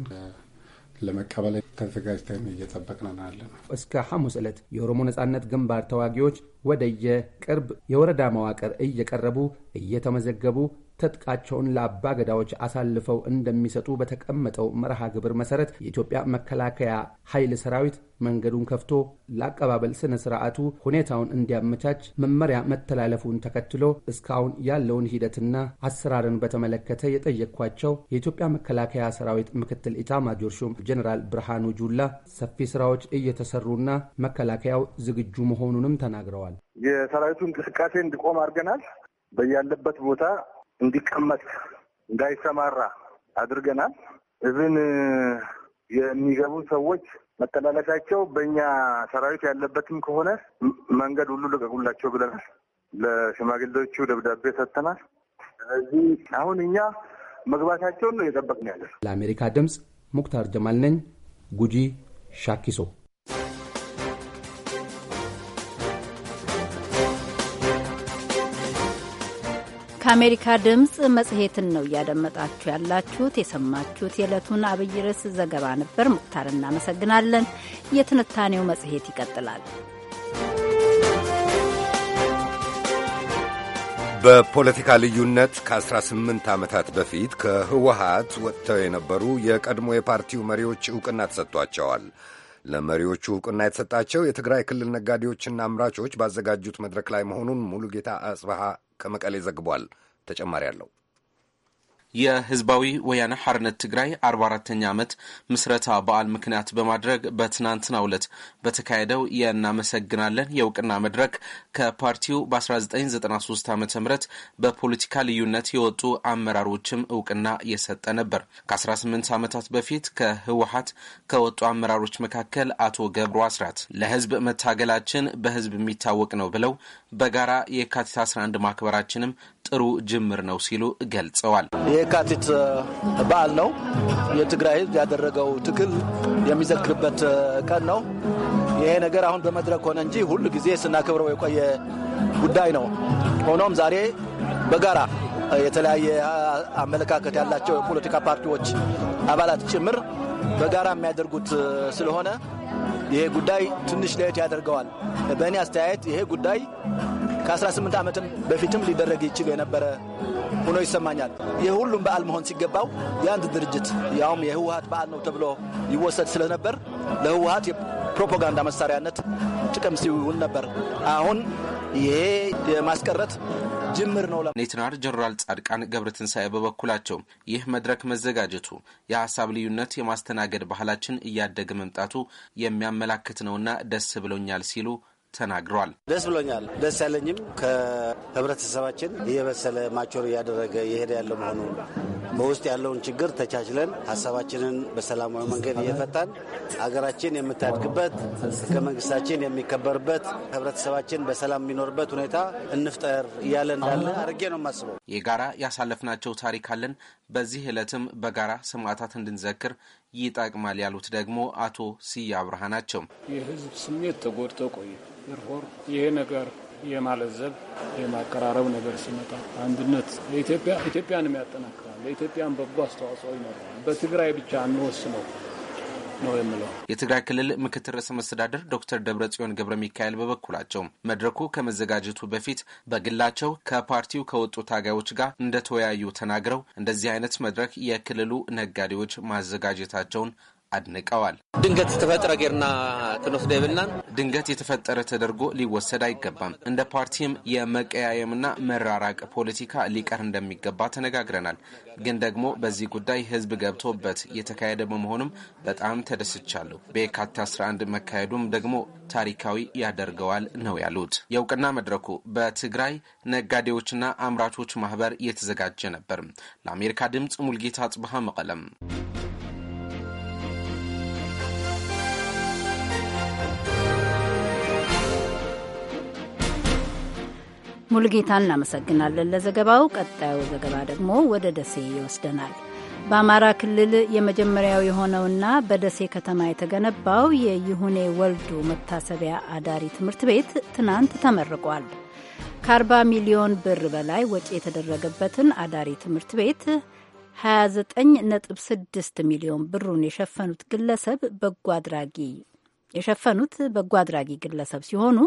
ለመቀበል ተዘጋጅተን እየጠበቅን ነው። እስከ ሐሙስ ዕለት የኦሮሞ ነጻነት ግንባር ተዋጊዎች ወደየ ቅርብ የወረዳ መዋቅር እየቀረቡ እየተመዘገቡ ትጥቃቸውን ለአባ ገዳዎች አሳልፈው እንደሚሰጡ በተቀመጠው መርሃ ግብር መሰረት የኢትዮጵያ መከላከያ ኃይል ሰራዊት መንገዱን ከፍቶ ለአቀባበል ስነ ስርዓቱ ሁኔታውን እንዲያመቻች መመሪያ መተላለፉን ተከትሎ እስካሁን ያለውን ሂደትና አሰራርን በተመለከተ የጠየቅኳቸው የኢትዮጵያ መከላከያ ሰራዊት ምክትል ኢታማጆር ሹም ጀኔራል ብርሃኑ ጁላ ሰፊ ስራዎች እየተሰሩና መከላከያው ዝግጁ መሆኑንም ተናግረዋል። የሰራዊቱ እንቅስቃሴ እንዲቆም አድርገናል። በያለበት ቦታ እንዲቀመጥ እንዳይሰማራ አድርገናል። እብን የሚገቡ ሰዎች መተላለፊያቸው በእኛ ሰራዊት ያለበትም ከሆነ መንገድ ሁሉ ልቀቁላቸው ብለናል። ለሽማግሌዎቹ ደብዳቤ ሰጥተናል። ስለዚህ አሁን እኛ መግባታቸውን ነው እየጠበቅን ያለን። ለአሜሪካ ድምፅ ሙክታር ጀማል ነኝ፣ ጉጂ ሻኪሶ ከአሜሪካ ድምፅ መጽሔትን ነው እያደመጣችሁ ያላችሁት። የሰማችሁት የዕለቱን አብይ ርዕስ ዘገባ ነበር። ሙክታር እናመሰግናለን። የትንታኔው መጽሔት ይቀጥላል። በፖለቲካ ልዩነት ከ18 ዓመታት በፊት ከህወሀት ወጥተው የነበሩ የቀድሞ የፓርቲው መሪዎች ዕውቅና ተሰጥቷቸዋል። ለመሪዎቹ ዕውቅና የተሰጣቸው የትግራይ ክልል ነጋዴዎችና አምራቾች ባዘጋጁት መድረክ ላይ መሆኑን ሙሉጌታ አጽበሃ ከመቀሌ ዘግቧል። ተጨማሪ አለው። የህዝባዊ ወያነ ሐርነት ትግራይ 44ተኛ ዓመት ምስረታ በዓል ምክንያት በማድረግ በትናንትናው ዕለት በተካሄደው የእናመሰግናለን የእውቅና መድረክ ከፓርቲው በ1993 ዓ ም በፖለቲካ ልዩነት የወጡ አመራሮችም እውቅና የሰጠ ነበር። ከ18 ዓመታት በፊት ከህወሀት ከወጡ አመራሮች መካከል አቶ ገብሩ አስራት ለህዝብ መታገላችን በህዝብ የሚታወቅ ነው ብለው በጋራ የካቲት 11 ማክበራችንም ጥሩ ጅምር ነው ሲሉ ገልጸዋል። የካቲት በዓል ነው። የትግራይ ሕዝብ ያደረገው ትግል የሚዘክርበት ቀን ነው። ይሄ ነገር አሁን በመድረክ ሆነ እንጂ ሁል ጊዜ ስናከብረው የቆየ ጉዳይ ነው። ሆኖም ዛሬ በጋራ የተለያየ አመለካከት ያላቸው የፖለቲካ ፓርቲዎች አባላት ጭምር በጋራ የሚያደርጉት ስለሆነ ይሄ ጉዳይ ትንሽ ለየት ያደርገዋል። በእኔ አስተያየት ይሄ ጉዳይ ከ18 ዓመትም በፊትም ሊደረግ ይችል የነበረ ሆኖ ይሰማኛል። ይህ ሁሉም በዓል መሆን ሲገባው የአንድ ድርጅት ያውም የህወሀት በዓል ነው ተብሎ ይወሰድ ስለነበር ለህወሀት የፕሮፓጋንዳ መሳሪያነት ጥቅም ሲውል ነበር። አሁን ይሄ የማስቀረት ጅምር ነው። ሌተናል ጀኔራል ጻድቃን ገብረትንሳኤ በበኩላቸው ይህ መድረክ መዘጋጀቱ የሀሳብ ልዩነት የማስተናገድ ባህላችን እያደገ መምጣቱ የሚያመላክት ነውና ደስ ብሎኛል ሲሉ ተናግሯል። ደስ ብሎኛል። ደስ ያለኝም ከህብረተሰባችን እየበሰለ ማቾር እያደረገ እየሄደ ያለ መሆኑ በውስጥ ያለውን ችግር ተቻችለን ሀሳባችንን በሰላማዊ መንገድ እየፈታን አገራችን የምታድግበት ህገ መንግስታችን የሚከበርበት ህብረተሰባችን በሰላም የሚኖርበት ሁኔታ እንፍጠር እያለ እንዳለ አድርጌ ነው የማስበው። የጋራ ያሳለፍናቸው ታሪክ አለን። በዚህ ዕለትም በጋራ ሰማዕታት እንድንዘክር ይጠቅማል ያሉት ደግሞ አቶ ስያ አብርሃ ናቸው። የህዝብ ስሜት ተጎድቶ ቆየ። ይሄ ነገር የማለዘብ የማቀራረብ ነገር ሲመጣ አንድነት ኢትዮጵያንም ያጠናክራል። ለኢትዮጵያን በጎ አስተዋጽኦ ይኖረዋል። በትግራይ ብቻ እንወስነው ነው የምለው። የትግራይ ክልል ምክትል ርዕሰ መስተዳደር ዶክተር ደብረጽዮን ገብረ ሚካኤል በበኩላቸው መድረኩ ከመዘጋጀቱ በፊት በግላቸው ከፓርቲው ከወጡ ታጋዮች ጋር እንደተወያዩ ተናግረው እንደዚህ አይነት መድረክ የክልሉ ነጋዴዎች ማዘጋጀታቸውን አድንቀዋል። ድንገት የተፈጠረ ጌርና ክንወስደ የብልናን ድንገት የተፈጠረ ተደርጎ ሊወሰድ አይገባም። እንደ ፓርቲም የመቀያየምና መራራቅ ፖለቲካ ሊቀር እንደሚገባ ተነጋግረናል። ግን ደግሞ በዚህ ጉዳይ ህዝብ ገብቶበት የተካሄደ በመሆኑም በጣም ተደስቻለሁ። በየካቲት 11 መካሄዱም ደግሞ ታሪካዊ ያደርገዋል ነው ያሉት። የእውቅና መድረኩ በትግራይ ነጋዴዎችና አምራቾች ማህበር የተዘጋጀ ነበር። ለአሜሪካ ድምፅ ሙልጌታ ጽብሃ መቀለም ሙልጌታ እናመሰግናለን ለዘገባው። ቀጣዩ ዘገባ ደግሞ ወደ ደሴ ይወስደናል። በአማራ ክልል የመጀመሪያው የሆነውና በደሴ ከተማ የተገነባው የይሁኔ ወልዱ መታሰቢያ አዳሪ ትምህርት ቤት ትናንት ተመርቋል። ከ40 ሚሊዮን ብር በላይ ወጪ የተደረገበትን አዳሪ ትምህርት ቤት 29.6 ሚሊዮን ብሩን የሸፈኑት ግለሰብ በጎ አድራጊ የሸፈኑት በጎ አድራጊ ግለሰብ ሲሆኑ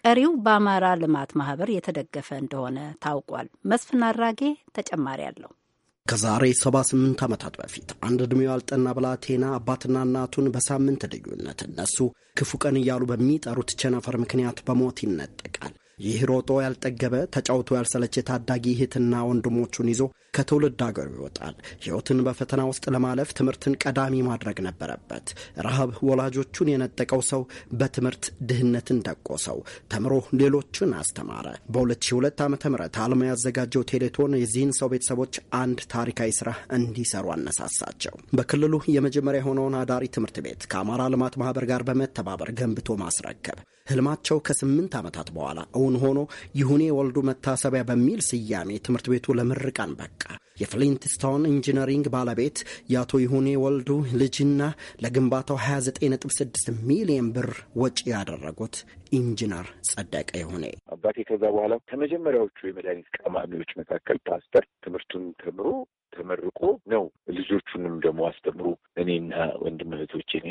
ቀሪው በአማራ ልማት ማህበር የተደገፈ እንደሆነ ታውቋል። መስፍን አራጌ ተጨማሪ አለው። ከዛሬ 78 ዓመታት በፊት አንድ ዕድሜው ያልጠና ብላቴና አባትና እናቱን በሳምንት ልዩነት እነሱ ክፉ ቀን እያሉ በሚጠሩት ቸነፈር ምክንያት በሞት ይነጠቃል። ይህ ሮጦ ያልጠገበ ተጫውቶ ያልሰለች ታዳጊ እህትና ወንድሞቹን ይዞ ከትውልድ አገሩ ይወጣል። ሕይወትን በፈተና ውስጥ ለማለፍ ትምህርትን ቀዳሚ ማድረግ ነበረበት። ረሃብ ወላጆቹን የነጠቀው ሰው በትምህርት ድህነትን ደቆሰው ተምሮ ሌሎቹን አስተማረ። በ2002 ዓ ም አልማ ያዘጋጀው ቴሌቶን የዚህን ሰው ቤተሰቦች አንድ ታሪካዊ ስራ እንዲሰሩ አነሳሳቸው። በክልሉ የመጀመሪያ የሆነውን አዳሪ ትምህርት ቤት ከአማራ ልማት ማህበር ጋር በመተባበር ገንብቶ ማስረከብ ህልማቸው ከስምንት ዓመታት በኋላ እውን ሆኖ ይሁኔ ወልዱ መታሰቢያ በሚል ስያሜ ትምህርት ቤቱ ለምርቃን በቃ። ተጠየቀ። የፍሊንትስቶን ኢንጂነሪንግ ባለቤት የአቶ ይሁኔ ወልዱ ልጅና ለግንባታው 296 ሚሊዮን ብር ወጪ ያደረጉት ኢንጂነር ጸደቀ ይሁኔ አባቴ ከዛ በኋላ ከመጀመሪያዎቹ የመድኃኒት ቀማሚዎች መካከል ፓስተር ትምህርቱን ተምሮ ተመርቆ ነው ልጆቹንም ደግሞ አስተምሮ እኔና ወንድም እህቶቼን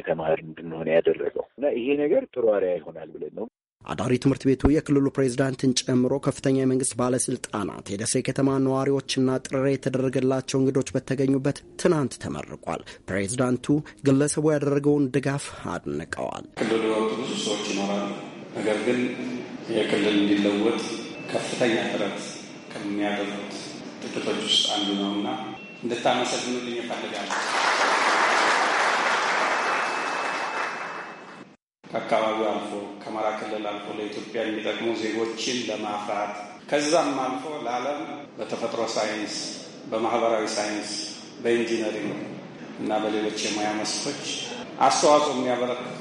እንድንሆነ ያደረገው እና ይሄ ነገር ጥሩ ይሆናል ብለን ነው አዳሪ ትምህርት ቤቱ የክልሉ ፕሬዝዳንትን ጨምሮ ከፍተኛ የመንግስት ባለስልጣናት፣ የደሴ ከተማ ነዋሪዎችና ጥሪ የተደረገላቸው እንግዶች በተገኙበት ትናንት ተመርቋል። ፕሬዝዳንቱ ግለሰቡ ያደረገውን ድጋፍ አድንቀዋል። ክልሉ የወጡ ብዙ ሰዎች ይኖራሉ። ነገር ግን የክልል እንዲለወጥ ከፍተኛ ጥረት ከሚያደርጉት ጥቂቶች ውስጥ አንዱ ነውና እንድታመሰግኑልኝ እፈልጋለሁ። ከአካባቢው አልፎ ከአማራ ክልል አልፎ ለኢትዮጵያ የሚጠቅሙ ዜጎችን ለማፍራት ከዛም አልፎ ለዓለም በተፈጥሮ ሳይንስ፣ በማህበራዊ ሳይንስ፣ በኢንጂነሪንግ እና በሌሎች የሙያ መስኮች አስተዋጽኦ የሚያበረክቱ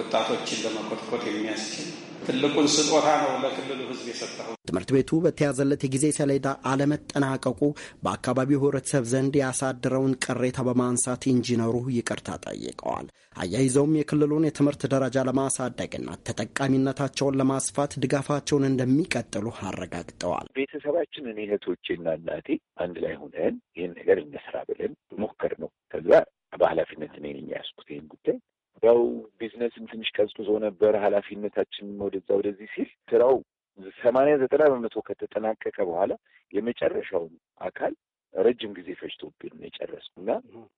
ወጣቶችን ለመኮትኮት የሚያስችል ትልቁን ስጦታ ነው ለክልሉ ህዝብ የሰጠው። ትምህርት ቤቱ በተያዘለት የጊዜ ሰሌዳ አለመጠናቀቁ በአካባቢው ህብረተሰብ ዘንድ ያሳደረውን ቅሬታ በማንሳት ኢንጂነሩ ይቅርታ ጠይቀዋል። አያይዘውም የክልሉን የትምህርት ደረጃ ለማሳደግና ተጠቃሚነታቸውን ለማስፋት ድጋፋቸውን እንደሚቀጥሉ አረጋግጠዋል። ቤተሰባችንን እህቶቼና እናቴ አንድ ላይ ሆነን ይህን ነገር እንስራ ብለን ቀዝቅዞ ነበር። ኃላፊነታችንም ወደዛ ወደዚህ ሲል ስራው ሰማንያ ዘጠና በመቶ ከተጠናቀቀ በኋላ የመጨረሻውን አካል ረጅም ጊዜ ፈጅቶብን ነው የጨረስኩና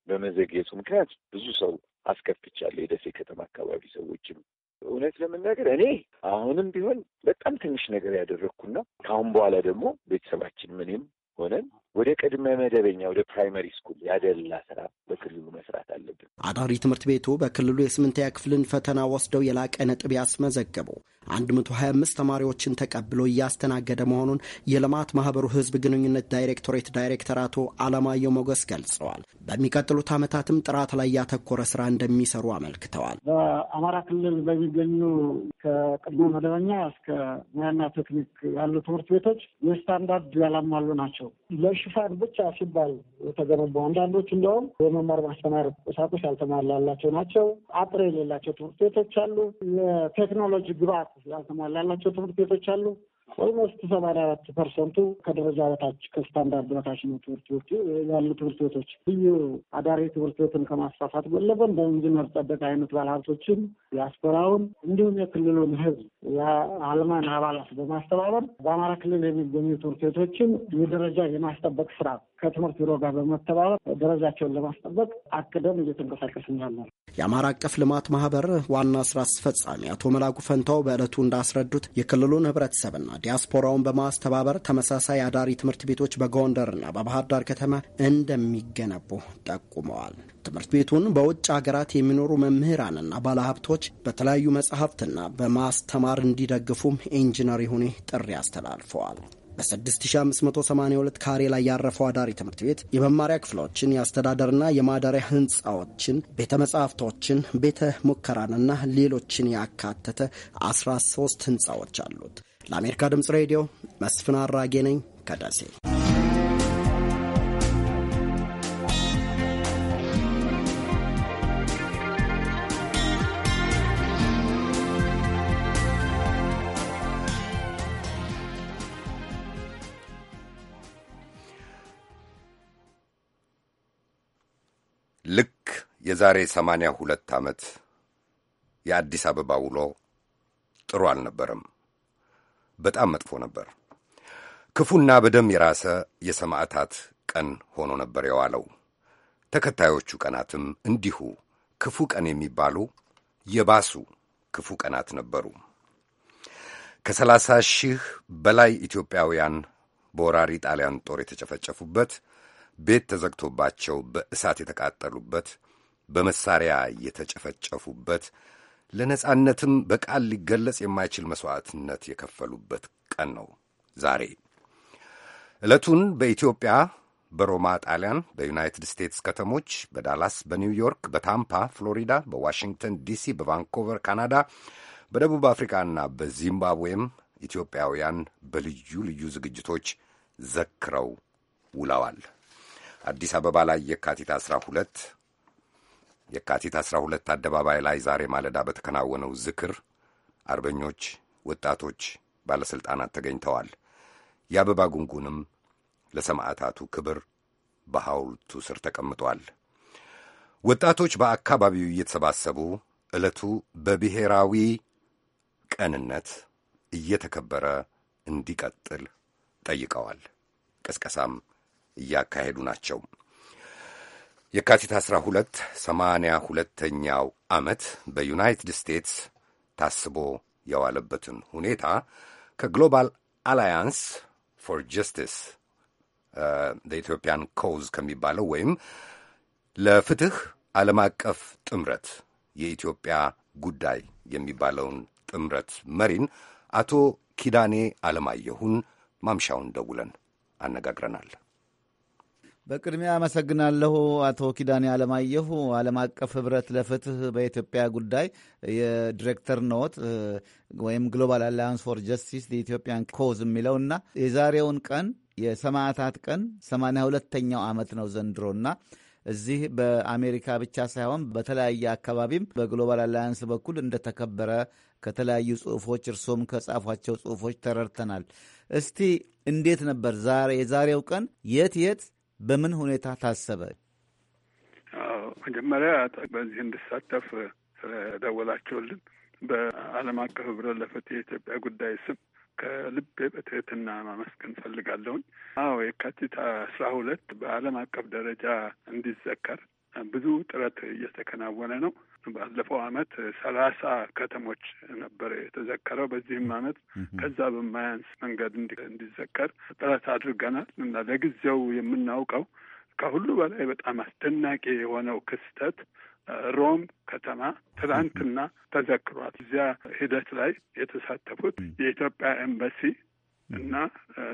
በመዘግየቱ ምክንያት ብዙ ሰው አስከፍቻለሁ። የደሴ ከተማ አካባቢ ሰዎችም እውነት ለመናገር እኔ አሁንም ቢሆን በጣም ትንሽ ነገር ያደረግኩና ከአሁን በኋላ ደግሞ ቤተሰባችን ምንም ሆነን ወደ ቅድመ መደበኛ ወደ ፕራይመሪ ስኩል ያደላ ስራ በክልሉ መስራት አለ አዳሪ ትምህርት ቤቱ በክልሉ የስምንተኛ ክፍልን ፈተና ወስደው የላቀ ነጥብ ያስመዘገቡ 125 ተማሪዎችን ተቀብሎ እያስተናገደ መሆኑን የልማት ማህበሩ ህዝብ ግንኙነት ዳይሬክቶሬት ዳይሬክተር አቶ አለማየሁ ሞገስ ገልጸዋል። በሚቀጥሉት ዓመታትም ጥራት ላይ ያተኮረ ስራ እንደሚሰሩ አመልክተዋል። በአማራ ክልል በሚገኙ ከቅድመ መደበኛ እስከ ሙያና ቴክኒክ ያሉ ትምህርት ቤቶች የስታንዳርድ ያላሟሉ ናቸው። ለሽፋን ብቻ ሲባል የተገነቡ አንዳንዶች እንዲያውም የመማር ማስተማር ቁሳቁስ ያልተሟላላቸው ናቸው። አጥር የሌላቸው ትምህርት ቤቶች አሉ። የቴክኖሎጂ ግብዓት ያልተሟላላቸው ትምህርት ቤቶች አሉ። ኦልሞስት ሰማንያ አራት ፐርሰንቱ ከደረጃ በታች ከስታንዳርድ በታች ነው ትምህርት ቤቱ ያሉ ትምህርት ቤቶች። ልዩ አዳሪ ትምህርት ቤትን ከማስፋፋት ጎን በኢንጂነር ጠበቅ አይነት ባለሀብቶችን፣ ዲያስፖራውን እንዲሁም የክልሉን ህዝብ። የአልማን አባላት በማስተባበር በአማራ ክልል የሚገኙ ትምህርት ቤቶችን የደረጃ የማስጠበቅ ስራ ከትምህርት ቢሮ ጋር በመተባበር ደረጃቸውን ለማስጠበቅ አቅደም እየተንቀሳቀስን ያለን። የአማራ አቀፍ ልማት ማህበር ዋና ስራ አስፈጻሚ አቶ መላኩ ፈንታው በዕለቱ እንዳስረዱት የክልሉን ህብረተሰብና ዲያስፖራውን በማስተባበር ተመሳሳይ አዳሪ ትምህርት ቤቶች በጎንደርና በባህር ዳር ከተማ እንደሚገነቡ ጠቁመዋል። ትምህርት ቤቱን በውጭ ሀገራት የሚኖሩ መምህራንና ባለሀብቶች በተለያዩ መጽሐፍትና በማስተማር እንዲደግፉም ኢንጂነር ይሁኔ ጥሪ አስተላልፈዋል። በ6582 ካሬ ላይ ያረፈው አዳሪ ትምህርት ቤት የመማሪያ ክፍሎችን፣ የአስተዳደርና የማደሪያ ህንፃዎችን፣ ቤተ መጻሕፍቶችን፣ ቤተ ሙከራንና ሌሎችን ያካተተ 13 ህንፃዎች አሉት። ለአሜሪካ ድምፅ ሬዲዮ መስፍን አራጌ ነኝ ከደሴ። የዛሬ ሰማንያ ሁለት ዓመት የአዲስ አበባ ውሎ ጥሩ አልነበረም። በጣም መጥፎ ነበር። ክፉና በደም የራሰ የሰማዕታት ቀን ሆኖ ነበር የዋለው። ተከታዮቹ ቀናትም እንዲሁ ክፉ ቀን የሚባሉ የባሱ ክፉ ቀናት ነበሩ። ከሰላሳ ሺህ በላይ ኢትዮጵያውያን በወራሪ ጣሊያን ጦር የተጨፈጨፉበት ቤት ተዘግቶባቸው በእሳት የተቃጠሉበት በመሳሪያ የተጨፈጨፉበት ለነጻነትም በቃል ሊገለጽ የማይችል መሥዋዕትነት የከፈሉበት ቀን ነው ዛሬ። ዕለቱን በኢትዮጵያ በሮማ ጣሊያን፣ በዩናይትድ ስቴትስ ከተሞች በዳላስ፣ በኒውዮርክ፣ በታምፓ ፍሎሪዳ፣ በዋሽንግተን ዲሲ፣ በቫንኮቨር ካናዳ፣ በደቡብ አፍሪካና በዚምባብዌም ኢትዮጵያውያን በልዩ ልዩ ዝግጅቶች ዘክረው ውለዋል። አዲስ አበባ ላይ የካቲት 12 የካቲት 12 አደባባይ ላይ ዛሬ ማለዳ በተከናወነው ዝክር አርበኞች፣ ወጣቶች፣ ባለሥልጣናት ተገኝተዋል። የአበባ ጉንጉንም ለሰማዕታቱ ክብር በሐውልቱ ስር ተቀምጧል። ወጣቶች በአካባቢው እየተሰባሰቡ ዕለቱ በብሔራዊ ቀንነት እየተከበረ እንዲቀጥል ጠይቀዋል። ቅስቀሳም እያካሄዱ ናቸው። የካቲት 12 ሰማንያ ሁለተኛው ዓመት በዩናይትድ ስቴትስ ታስቦ የዋለበትን ሁኔታ ከግሎባል አላያንስ ፎር ጀስቲስ ለኢትዮጵያን ኮውዝ ከሚባለው ወይም ለፍትህ ዓለም አቀፍ ጥምረት የኢትዮጵያ ጉዳይ የሚባለውን ጥምረት መሪን አቶ ኪዳኔ አለማየሁን ማምሻውን ደውለን አነጋግረናል። በቅድሚያ አመሰግናለሁ አቶ ኪዳኔ አለማየሁ። ዓለም አቀፍ ህብረት ለፍትህ በኢትዮጵያ ጉዳይ የዲሬክተር ኖት ወይም ግሎባል አላያንስ ፎር ጀስቲስ ኢትዮጵያን ኮዝ የሚለው እና የዛሬውን ቀን የሰማዕታት ቀን ሰማንያ ሁለተኛው ዓመት ነው ዘንድሮ እና እዚህ በአሜሪካ ብቻ ሳይሆን በተለያየ አካባቢም በግሎባል አላያንስ በኩል እንደተከበረ ከተለያዩ ጽሁፎች እርሶም ከጻፏቸው ጽሁፎች ተረድተናል። እስቲ እንዴት ነበር ዛሬ የዛሬው ቀን የት የት በምን ሁኔታ ታሰበ? መጀመሪያ በዚህ እንድሳተፍ ስለደወላችሁልን በዓለም አቀፍ ህብረት ለፍትህ የኢትዮጵያ ጉዳይ ስም ከልቤ በትህትና ማመስገን ፈልጋለሁኝ። አዎ የካቲት አስራ ሁለት በዓለም አቀፍ ደረጃ እንዲዘከር ብዙ ጥረት እየተከናወነ ነው። ባለፈው አመት ሰላሳ ከተሞች ነበር የተዘከረው። በዚህም አመት ከዛ በማያንስ መንገድ እንዲዘከር ጥረት አድርገናል እና ለጊዜው የምናውቀው ከሁሉ በላይ በጣም አስደናቂ የሆነው ክስተት ሮም ከተማ ትናንትና ተዘክሯል። እዚያ ሂደት ላይ የተሳተፉት የኢትዮጵያ ኤምባሲ እና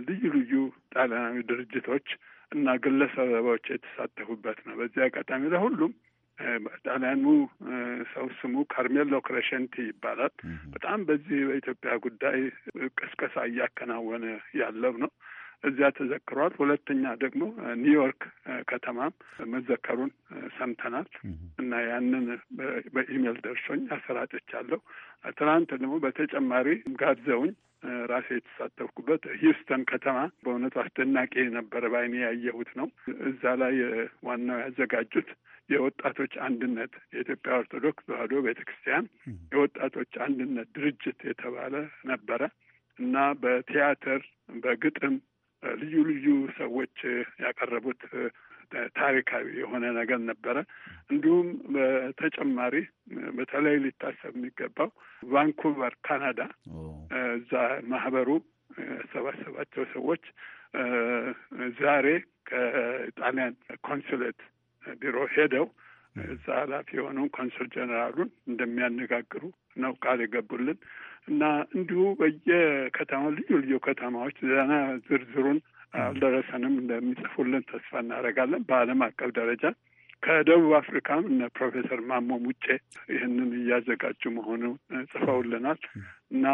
ልዩ ልዩ ጣሊያናዊ ድርጅቶች እና ግለሰቦች የተሳተፉበት ነው። በዚህ አጋጣሚ ለሁሉም ጣሊያኑ ሰው ስሙ ካርሜሎ ክሬሸንቲ ይባላል። በጣም በዚህ በኢትዮጵያ ጉዳይ ቅስቀሳ እያከናወነ ያለው ነው። እዚያ ተዘክሯል። ሁለተኛ ደግሞ ኒውዮርክ ከተማም መዘከሩን ሰምተናል እና ያንን በኢሜል ደርሶኝ አሰራጨቻለሁ። ትናንት ደግሞ በተጨማሪ ጋብዘውኝ ራሴ የተሳተፍኩበት ሂውስተን ከተማ በእውነቱ አስደናቂ የነበረ ባይኔ ያየሁት ነው። እዛ ላይ ዋናው ያዘጋጁት የወጣቶች አንድነት የኢትዮጵያ ኦርቶዶክስ ተዋሕዶ ቤተ ክርስቲያን የወጣቶች አንድነት ድርጅት የተባለ ነበረ እና በቲያትር በግጥም ልዩ ልዩ ሰዎች ያቀረቡት ታሪካዊ የሆነ ነገር ነበረ። እንዲሁም በተጨማሪ በተለይ ሊታሰብ የሚገባው ቫንኩቨር ካናዳ፣ እዛ ማህበሩ ያሰባሰባቸው ሰዎች ዛሬ ከጣሊያን ኮንሱሌት ቢሮ ሄደው እዛ ኃላፊ የሆነውን ኮንሱል ጀኔራሉን እንደሚያነጋግሩ ነው ቃል የገቡልን እና እንዲሁ በየከተማ ልዩ ልዩ ከተማዎች ዘና ዝርዝሩን አልደረሰንም እንደሚጽፉልን ተስፋ እናደርጋለን። በዓለም አቀፍ ደረጃ ከደቡብ አፍሪካም እነ ፕሮፌሰር ማሞ ሙጬ ይህንን እያዘጋጁ መሆኑ ጽፈውልናል እና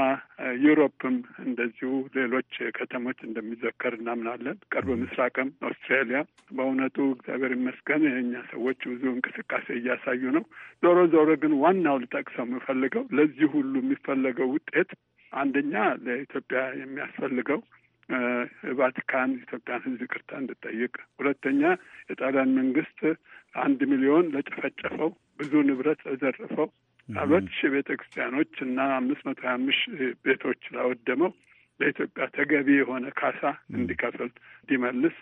ዩሮፕም እንደዚሁ ሌሎች ከተሞች እንደሚዘከር እናምናለን። ቅርብ ምስራቅም፣ አውስትራሊያ በእውነቱ እግዚአብሔር ይመስገን የእኛ ሰዎች ብዙ እንቅስቃሴ እያሳዩ ነው። ዞሮ ዞሮ ግን ዋናው ልጠቅሰው የምፈልገው ለዚህ ሁሉ የሚፈለገው ውጤት አንደኛ ለኢትዮጵያ የሚያስፈልገው ቫቲካን ኢትዮጵያን ሕዝብ ይቅርታ እንድጠይቅ፣ ሁለተኛ የጣሊያን መንግስት አንድ ሚሊዮን ለጨፈጨፈው ብዙ ንብረት ለዘረፈው ሺህ ቤተ ክርስቲያኖች እና አምስት መቶ ሀያ አምስት ቤቶች ላወደመው ለኢትዮጵያ ተገቢ የሆነ ካሳ እንዲከፍል እንዲመልስ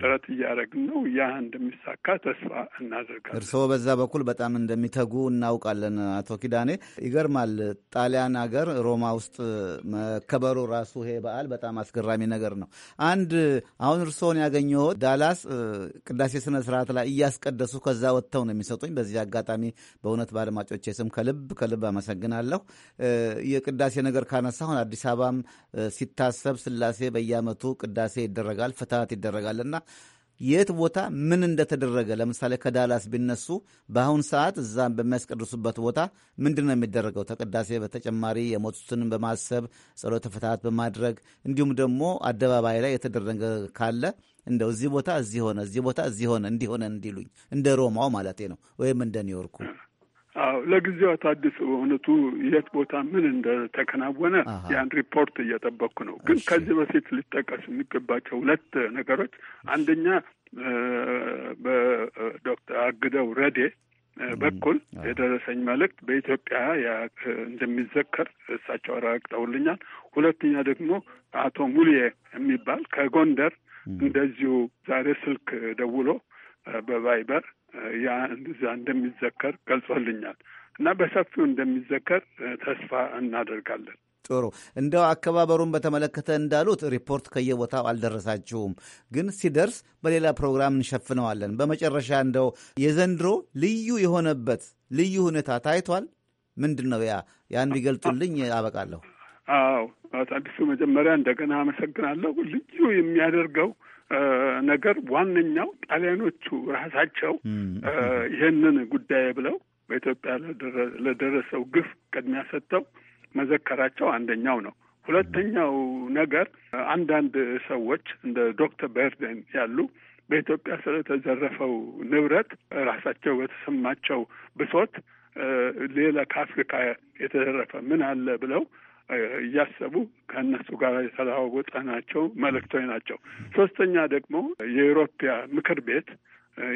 ጥረት እያደረግን ነው። ያ እንደሚሳካ ተስፋ እናደርጋለን። እርስዎ በዛ በኩል በጣም እንደሚተጉ እናውቃለን። አቶ ኪዳኔ ይገርማል። ጣሊያን ሀገር ሮማ ውስጥ መከበሩ ራሱ ይሄ በዓል በጣም አስገራሚ ነገር ነው። አንድ አሁን እርስዎን ያገኘሁት ዳላስ ቅዳሴ ስነ ስርዓት ላይ እያስቀደሱ ከዛ ወጥተው ነው የሚሰጡኝ። በዚህ አጋጣሚ በእውነት በአድማጮቼ ስም ከልብ ከልብ አመሰግናለሁ። የቅዳሴ ነገር ካነሳ አሁን አዲስ አበባም ሲታሰብ ስላሴ በየአመቱ ቅዳሴ ይደረጋል። ፍትሀት ይደረጋልና የት ቦታ ምን እንደተደረገ ለምሳሌ ከዳላስ ቢነሱ በአሁን ሰዓት እዛ በሚያስቀድሱበት ቦታ ምንድን ነው የሚደረገው? ተቅዳሴ በተጨማሪ የሞቱትንም በማሰብ ጸሎተ ፍትሐት በማድረግ እንዲሁም ደግሞ አደባባይ ላይ የተደረገ ካለ እንደው እዚህ ቦታ እዚህ ሆነ፣ እዚህ ቦታ እዚህ ሆነ፣ እንዲሆነ እንዲሉኝ እንደ ሮማው ማለት ነው ወይም እንደ ኒውዮርኩ አዎ ለጊዜው አታድስ እውነቱ የት ቦታ ምን እንደተከናወነ ያን ሪፖርት እየጠበቅኩ ነው። ግን ከዚህ በፊት ሊጠቀስ የሚገባቸው ሁለት ነገሮች አንደኛ በዶክተር አግደው ረዴ በኩል የደረሰኝ መልእክት በኢትዮጵያ እንደሚዘከር እሳቸው አረጋግጠውልኛል። ሁለተኛ ደግሞ አቶ ሙልዬ የሚባል ከጎንደር እንደዚሁ ዛሬ ስልክ ደውሎ በቫይበር ያ እንደዛ እንደሚዘከር ገልጾልኛል እና በሰፊው እንደሚዘከር ተስፋ እናደርጋለን። ጥሩ እንደው አከባበሩን በተመለከተ እንዳሉት ሪፖርት ከየቦታው አልደረሳችሁም፣ ግን ሲደርስ በሌላ ፕሮግራም እንሸፍነዋለን። በመጨረሻ እንደው የዘንድሮ ልዩ የሆነበት ልዩ ሁኔታ ታይቷል ምንድን ነው ያ? ያን ቢገልጡልኝ አበቃለሁ። አዎ አዲሱ መጀመሪያ እንደገና አመሰግናለሁ። ልዩ የሚያደርገው ነገር ዋነኛው ጣሊያኖቹ ራሳቸው ይህንን ጉዳይ ብለው በኢትዮጵያ ለደረሰው ግፍ ቅድሚያ ሰጥተው መዘከራቸው አንደኛው ነው። ሁለተኛው ነገር አንዳንድ ሰዎች እንደ ዶክተር በርደን ያሉ በኢትዮጵያ ስለተዘረፈው ንብረት ራሳቸው በተሰማቸው ብሶት ሌላ ከአፍሪካ የተዘረፈ ምን አለ ብለው እያሰቡ ከእነሱ ጋር የተለዋወጠ ናቸው መልእክቶች ናቸው። ሶስተኛ ደግሞ የኢሮፓ ምክር ቤት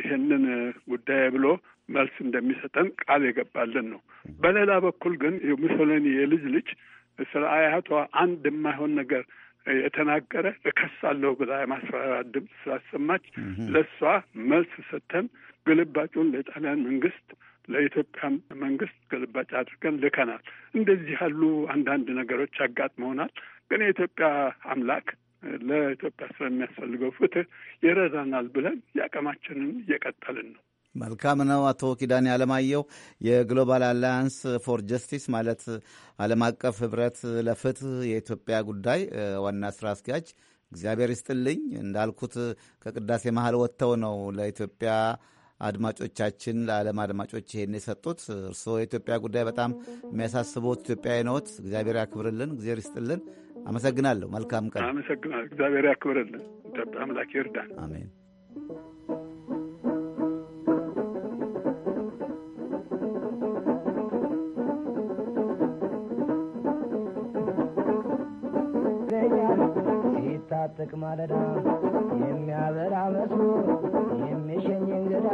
ይህንን ጉዳይ ብሎ መልስ እንደሚሰጠን ቃል የገባልን ነው። በሌላ በኩል ግን ሙሶሎኒ የልጅ ልጅ ስለ አያቷ አንድ የማይሆን ነገር የተናገረ እከሳለሁ ብላ የማስፈራሪያ ድምፅ ስላሰማች ለእሷ መልስ ሰጥተን ግልባጩን ለጣሊያን መንግስት ለኢትዮጵያ መንግስት ግልባጭ አድርገን ልከናል። እንደዚህ ያሉ አንዳንድ ነገሮች አጋጥመውናል። ግን የኢትዮጵያ አምላክ ለኢትዮጵያ ስለሚያስፈልገው ፍትህ ይረዳናል ብለን የአቅማችንን እየቀጠልን ነው። መልካም ነው። አቶ ኪዳኔ አለማየሁ የግሎባል አላያንስ ፎር ጀስቲስ ማለት ዓለም አቀፍ ህብረት ለፍትህ የኢትዮጵያ ጉዳይ ዋና ስራ አስኪያጅ፣ እግዚአብሔር ይስጥልኝ። እንዳልኩት ከቅዳሴ መሀል ወጥተው ነው ለኢትዮጵያ አድማጮቻችን ለዓለም አድማጮች ይሄን የሰጡት እርስዎ የኢትዮጵያ ጉዳይ በጣም የሚያሳስበት ኢትዮጵያዊ ነዎት። እግዚአብሔር ያክብርልን፣ እግዚአብሔር ይስጥልን። አመሰግናለሁ። መልካም ቀን። አመሰግናለሁ። እግዚአብሔር ያክብርልን። ኢትዮጵያ አምላክ ይርዳን። አሜን። የሚያበራ መስሎ የሚሸኝ እንግዳ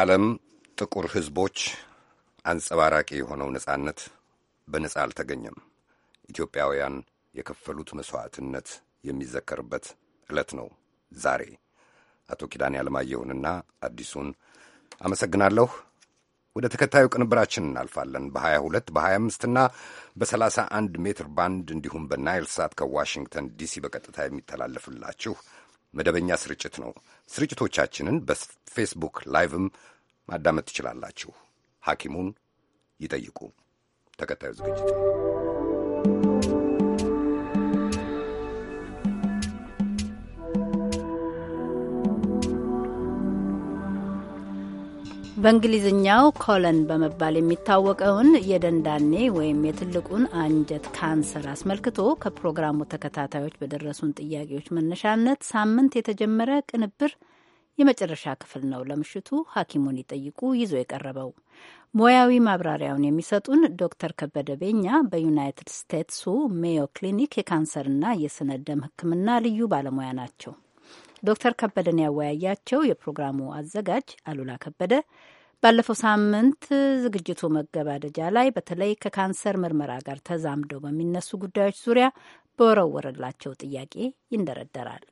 ዓለም ጥቁር ሕዝቦች አንጸባራቂ የሆነው ነጻነት በነጻ አልተገኘም። ኢትዮጵያውያን የከፈሉት መሥዋዕትነት የሚዘከርበት ዕለት ነው ዛሬ። አቶ ኪዳኔ ዓለማየሁንና አዲሱን አመሰግናለሁ። ወደ ተከታዩ ቅንብራችን እናልፋለን። በ22 በ25ና በ31 ሜትር ባንድ እንዲሁም በናይል ሳት ከዋሽንግተን ዲሲ በቀጥታ የሚተላለፍላችሁ መደበኛ ስርጭት ነው። ስርጭቶቻችንን በፌስቡክ ላይቭም ማዳመጥ ትችላላችሁ። ሐኪሙን ይጠይቁ ተከታዩ ዝግጅት ነው። በእንግሊዝኛው ኮለን በመባል የሚታወቀውን የደንዳኔ ወይም የትልቁን አንጀት ካንሰር አስመልክቶ ከፕሮግራሙ ተከታታዮች በደረሱን ጥያቄዎች መነሻነት ሳምንት የተጀመረ ቅንብር የመጨረሻ ክፍል ነው። ለምሽቱ ሐኪሙን ይጠይቁ ይዞ የቀረበው ሙያዊ ማብራሪያውን የሚሰጡን ዶክተር ከበደ ቤኛ በዩናይትድ ስቴትሱ ሜዮ ክሊኒክ የካንሰርና የስነ ደም ሕክምና ልዩ ባለሙያ ናቸው። ዶክተር ከበደን ያወያያቸው የፕሮግራሙ አዘጋጅ አሉላ ከበደ ባለፈው ሳምንት ዝግጅቱ መገባደጃ ላይ በተለይ ከካንሰር ምርመራ ጋር ተዛምደው በሚነሱ ጉዳዮች ዙሪያ በወረወረላቸው ጥያቄ ይንደረደራል።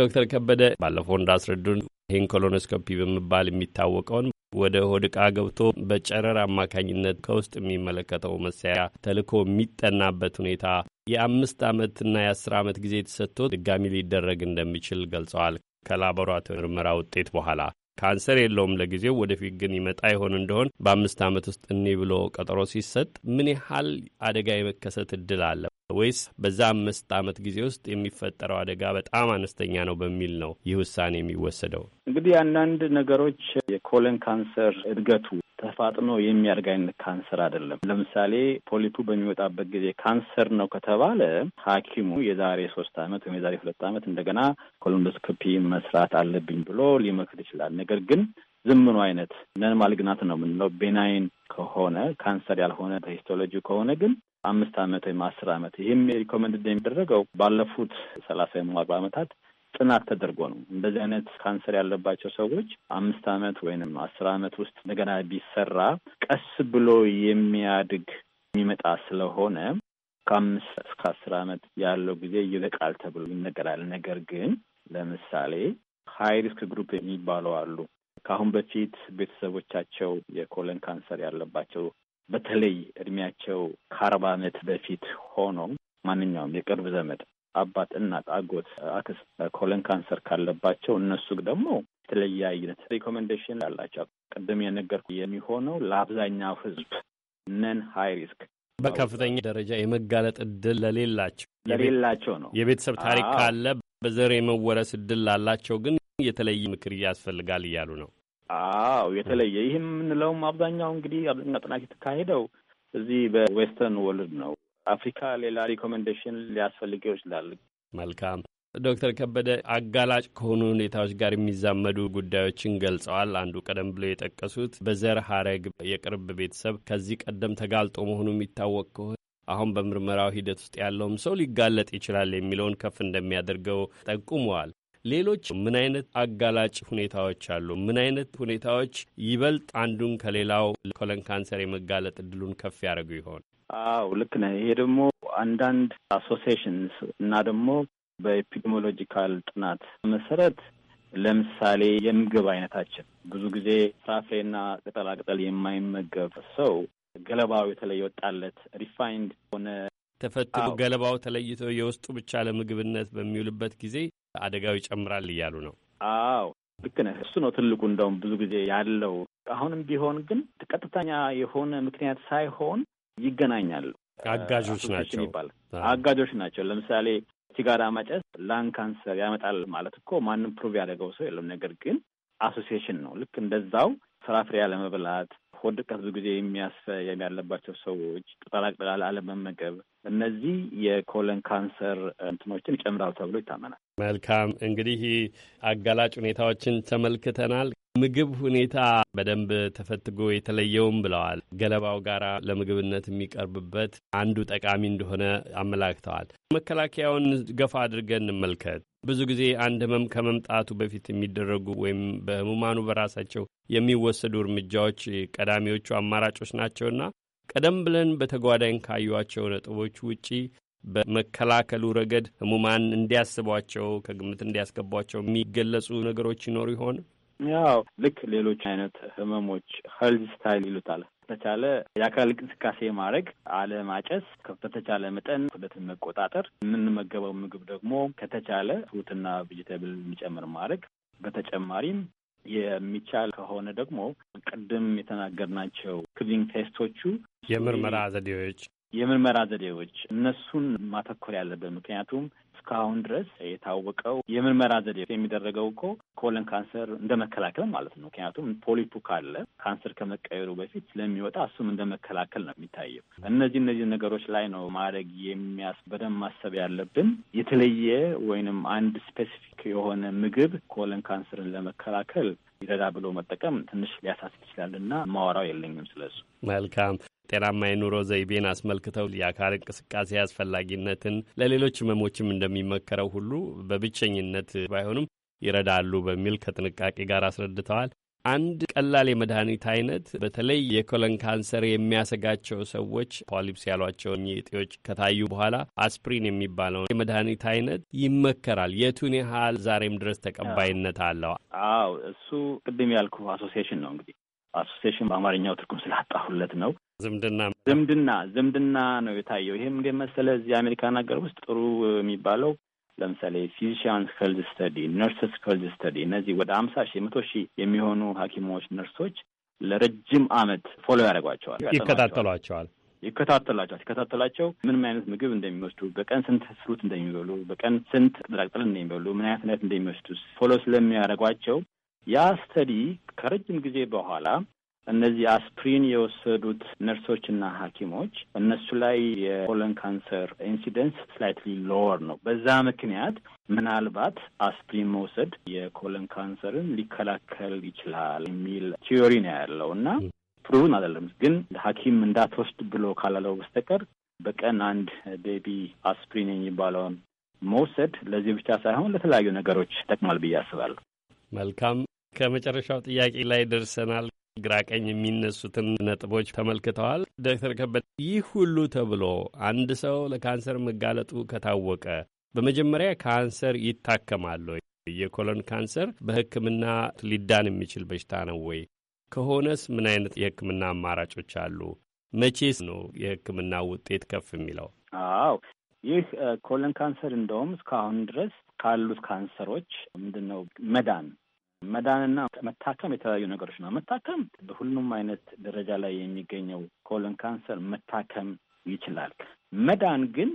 ዶክተር ከበደ ባለፈው እንዳስረዱን ይህን ኮሎኖስኮፒ በመባል የሚታወቀውን ወደ ሆድቃ ገብቶ በጨረር አማካኝነት ከውስጥ የሚመለከተው መሳያ ተልኮ የሚጠናበት ሁኔታ የአምስት ዓመትና የአስር ዓመት ጊዜ ተሰጥቶ ድጋሚ ሊደረግ እንደሚችል ገልጸዋል። ከላቦራቶሪ ምርመራ ውጤት በኋላ ካንሰር የለውም ለጊዜው፣ ወደፊት ግን ይመጣ ይሆን እንደሆን በአምስት ዓመት ውስጥ እኒህ ብሎ ቀጠሮ ሲሰጥ ምን ያህል አደጋ የመከሰት እድል አለ? ወይስ በዛ አምስት ዓመት ጊዜ ውስጥ የሚፈጠረው አደጋ በጣም አነስተኛ ነው በሚል ነው ይህ ውሳኔ የሚወሰደው? እንግዲህ አንዳንድ ነገሮች የኮለን ካንሰር እድገቱ ተፋጥኖ የሚያድግ አይነት ካንሰር አይደለም። ለምሳሌ ፖሊፑ በሚወጣበት ጊዜ ካንሰር ነው ከተባለ ሐኪሙ የዛሬ ሶስት አመት ወይም የዛሬ ሁለት አመት እንደገና ኮሎንዶስኮፒ መስራት አለብኝ ብሎ ሊመክር ይችላል። ነገር ግን ዝምኑ አይነት ነን ማልግናት ነው የምንለው ቤናይን ከሆነ ካንሰር ያልሆነ በሂስቶሎጂ ከሆነ ግን አምስት አመት ወይም አስር አመት ይህም ሪኮመንድ የሚደረገው ባለፉት ሰላሳ ወይም አርባ አመታት ጥናት ተደርጎ ነው። እንደዚህ አይነት ካንሰር ያለባቸው ሰዎች አምስት አመት ወይንም አስር ዓመት ውስጥ እንደገና ቢሰራ ቀስ ብሎ የሚያድግ የሚመጣ ስለሆነ ከአምስት እስከ አስር አመት ያለው ጊዜ ይበቃል ተብሎ ይነገራል። ነገር ግን ለምሳሌ ሀይ ሪስክ ግሩፕ የሚባለው አሉ። ከአሁን በፊት ቤተሰቦቻቸው የኮለን ካንሰር ያለባቸው በተለይ እድሜያቸው ከአርባ ዓመት በፊት ሆኖ ማንኛውም የቅርብ ዘመድ አባት፣ እናት፣ አጎት፣ አክስት ኮለን ካንሰር ካለባቸው እነሱ ደግሞ የተለየ አይነት ሪኮሜንዴሽን ያላቸው ቅድም የነገርኩ የሚሆነው ለአብዛኛው ህዝብ ነን ሀይ ሪስክ በከፍተኛ ደረጃ የመጋለጥ እድል ለሌላቸው ለሌላቸው ነው። የቤተሰብ ታሪክ ካለ በዘር የመወረስ እድል ላላቸው ግን የተለየ ምክር ያስፈልጋል እያሉ ነው። አዎ የተለየ ይህም የምንለውም አብዛኛው እንግዲህ አብዛኛው ጥናት የተካሄደው እዚህ በዌስተርን ወርልድ ነው። አፍሪካ ሌላ ሪኮመንዴሽን ሊያስፈልገው ይችላል። መልካም ዶክተር ከበደ አጋላጭ ከሆኑ ሁኔታዎች ጋር የሚዛመዱ ጉዳዮችን ገልጸዋል። አንዱ ቀደም ብሎ የጠቀሱት በዘር ሀረግ የቅርብ ቤተሰብ ከዚህ ቀደም ተጋልጦ መሆኑ የሚታወቅ ከሆነ አሁን በምርመራው ሂደት ውስጥ ያለውም ሰው ሊጋለጥ ይችላል የሚለውን ከፍ እንደሚያደርገው ጠቁመዋል። ሌሎች ምን አይነት አጋላጭ ሁኔታዎች አሉ? ምን አይነት ሁኔታዎች ይበልጥ አንዱን ከሌላው ለኮለን ካንሰር የመጋለጥ እድሉን ከፍ ያደርጉ ይሆን? አዎ ልክ ነ ይሄ ደግሞ አንዳንድ አሶሲሽንስ እና ደግሞ በኤፒዲሞሎጂካል ጥናት መሰረት ለምሳሌ የምግብ አይነታችን ብዙ ጊዜ ፍራፍሬና ቅጠላቅጠል የማይመገብ ሰው ገለባው የተለየ ወጣለት ሪፋይንድ ሆነ ተፈትሎ ገለባው ተለይቶ የውስጡ ብቻ ለምግብነት በሚውልበት ጊዜ አደጋው ይጨምራል እያሉ ነው። አዎ ልክ ነህ። እሱ ነው ትልቁ እንደውም ብዙ ጊዜ ያለው። አሁንም ቢሆን ግን ቀጥተኛ የሆነ ምክንያት ሳይሆን ይገናኛሉ። አጋዦች ናቸው ይባላል። አጋዦች ናቸው። ለምሳሌ ሲጋራ ማጨስ ላን ካንሰር ያመጣል ማለት እኮ ማንም ፕሩቭ ያደረገው ሰው የለም። ነገር ግን አሶሲሽን ነው። ልክ እንደዛው ፍራፍሬ አለመብላት፣ ሆድ ድርቀት ብዙ ጊዜ የሚያስፈ ያለባቸው ሰዎች ቅጠላቅጠላል አለመመገብ እነዚህ የኮለን ካንሰር እንትኖችን ይጨምራል ተብሎ ይታመናል። መልካም እንግዲህ አጋላጭ ሁኔታዎችን ተመልክተናል። ምግብ ሁኔታ በደንብ ተፈትጎ የተለየውም ብለዋል። ገለባው ጋር ለምግብነት የሚቀርብበት አንዱ ጠቃሚ እንደሆነ አመላክተዋል። መከላከያውን ገፋ አድርገን እንመልከት። ብዙ ጊዜ አንድ ህመም ከመምጣቱ በፊት የሚደረጉ ወይም በህሙማኑ በራሳቸው የሚወሰዱ እርምጃዎች ቀዳሚዎቹ አማራጮች ናቸውና ቀደም ብለን በተጓዳኝ ካዩቸው ነጥቦች ውጪ በመከላከሉ ረገድ ህሙማን እንዲያስቧቸው ከግምት እንዲያስገቧቸው የሚገለጹ ነገሮች ይኖሩ ይሆን? ያው ልክ ሌሎች አይነት ህመሞች ሄልዝ ስታይል ይሉታል። ተቻለ የአካል እንቅስቃሴ ማድረግ፣ አለማጨስ፣ በተቻለ መጠን ክብደትን መቆጣጠር፣ የምንመገበው ምግብ ደግሞ ከተቻለ ፍሩትና ቪጅተብል የሚጨምር ማድረግ፣ በተጨማሪም የሚቻል ከሆነ ደግሞ ቅድም የተናገርናቸው ክሊንግ ቴስቶቹ የምርመራ ዘዴዎች የምርመራ ዘዴዎች እነሱን ማተኮር ያለብን። ምክንያቱም እስካሁን ድረስ የታወቀው የምርመራ ዘዴ የሚደረገው እኮ ኮለን ካንሰር እንደ መከላከል ማለት ነው። ምክንያቱም ፖሊፑ ካለ ካንሰር ከመቀየሩ በፊት ስለሚወጣ እሱም እንደ መከላከል ነው የሚታየው። እነዚህ እነዚህ ነገሮች ላይ ነው ማድረግ የሚያስ በደንብ ማሰብ ያለብን። የተለየ ወይንም አንድ ስፔሲፊክ የሆነ ምግብ ኮለን ካንሰርን ለመከላከል ይረዳ ብሎ መጠቀም ትንሽ ሊያሳስብ ይችላል እና ማወራው የለኝም ስለሱ። መልካም ጤናማ የኑሮ ዘይቤን አስመልክተው የአካል እንቅስቃሴ አስፈላጊነትን ለሌሎች ህመሞችም እንደሚመከረው ሁሉ በብቸኝነት ባይሆንም ይረዳሉ በሚል ከጥንቃቄ ጋር አስረድተዋል። አንድ ቀላል የመድኃኒት አይነት በተለይ የኮለን ካንሰር የሚያሰጋቸው ሰዎች ፖሊፕስ ያሏቸው እጢዎች ከታዩ በኋላ አስፕሪን የሚባለውን የመድኃኒት አይነት ይመከራል። የቱን ያህል ዛሬም ድረስ ተቀባይነት አለው? አዎ እሱ ቅድም ያልኩ አሶሲሽን ነው እንግዲህ አሶሲሽን በአማርኛው ትርጉም ስላጣሁለት ነው። ዝምድና ዝምድና ዝምድና ነው የታየው። ይህም እንደ መሰለ እዚህ አሜሪካን ሀገር ውስጥ ጥሩ የሚባለው ለምሳሌ ፊዚሽያንስ ሄልዝ ስተዲ፣ ነርስስ ሄልዝ ስተዲ እነዚህ ወደ አምሳ ሺህ መቶ ሺህ የሚሆኑ ሐኪሞች ነርሶች ለረጅም አመት ፎሎ ያደርጓቸዋል፣ ይከታተሏቸዋል ይከታተላቸዋል ሲከታተላቸው ምንም አይነት ምግብ እንደሚወስዱ በቀን ስንት ፍሩት እንደሚበሉ በቀን ስንት ቅጠላቅጠል እንደሚበሉ ምን አይነት ነት እንደሚወስዱ ፎሎ ስለሚያደርጓቸው ያ ስተዲ ከረጅም ጊዜ በኋላ እነዚህ አስፕሪን የወሰዱት ነርሶችና ሐኪሞች እነሱ ላይ የኮለን ካንሰር ኢንሲደንስ ስላይትሊ ሎወር ነው። በዛ ምክንያት ምናልባት አስፕሪን መውሰድ የኮለን ካንሰርን ሊከላከል ይችላል የሚል ቲዮሪ ነው ያለው እና ፕሩቭን አይደለም ግን ሐኪም እንዳትወስድ ብሎ ካላለው በስተቀር በቀን አንድ ቤቢ አስፕሪን የሚባለውን መውሰድ ለዚህ ብቻ ሳይሆን ለተለያዩ ነገሮች ይጠቅማል ብዬ አስባለሁ። መልካም ከመጨረሻው ጥያቄ ላይ ደርሰናል። ግራቀኝ የሚነሱትን ነጥቦች ተመልክተዋል። ዶክተር ከበደ ይህ ሁሉ ተብሎ አንድ ሰው ለካንሰር መጋለጡ ከታወቀ በመጀመሪያ ካንሰር ይታከማል ወይ? የኮሎን ካንሰር በሕክምና ሊዳን የሚችል በሽታ ነው ወይ? ከሆነስ ምን አይነት የሕክምና አማራጮች አሉ? መቼስ ነው የሕክምና ውጤት ከፍ የሚለው? አዎ ይህ ኮሎን ካንሰር እንደውም እስካሁን ድረስ ካሉት ካንሰሮች ምንድን ነው መዳን መዳንና መታከም የተለያዩ ነገሮች ነው። መታከም በሁሉም አይነት ደረጃ ላይ የሚገኘው ኮለን ካንሰር መታከም ይችላል። መዳን ግን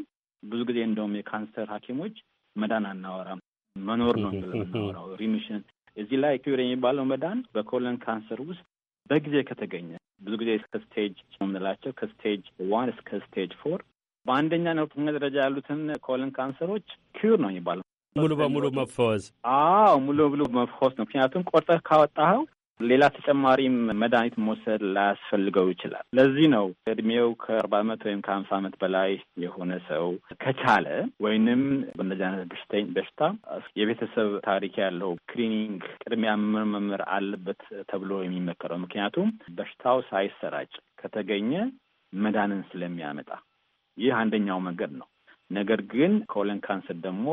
ብዙ ጊዜ እንደውም የካንሰር ሐኪሞች መዳን አናወራም፣ መኖር ነው የምናወራው ሪሚሽን። እዚህ ላይ ኪር የሚባለው መዳን በኮለን ካንሰር ውስጥ በጊዜ ከተገኘ ብዙ ጊዜ ስቴጅ የምንላቸው ከስቴጅ ዋን እስከ ስቴጅ ፎር በአንደኛ ነ ደረጃ ያሉትን ኮለን ካንሰሮች ኪውር ነው የሚባለው ሙሉ በሙሉ መፈወስ? አዎ ሙሉ በሙሉ መፈወስ ነው። ምክንያቱም ቆርጠህ ካወጣኸው ሌላ ተጨማሪም መድኃኒት መውሰድ ላያስፈልገው ይችላል። ለዚህ ነው እድሜው ከአርባ ዓመት ወይም ከሀምሳ ዓመት በላይ የሆነ ሰው ከቻለ ወይንም በእነዚህ አይነት በሽተኝ በሽታ የቤተሰብ ታሪክ ያለው ስክሪኒንግ ቅድሚያ መመርመር አለበት ተብሎ የሚመከረው ምክንያቱም በሽታው ሳይሰራጭ ከተገኘ መዳንን ስለሚያመጣ ይህ አንደኛው መንገድ ነው። ነገር ግን ኮለን ካንሰር ደግሞ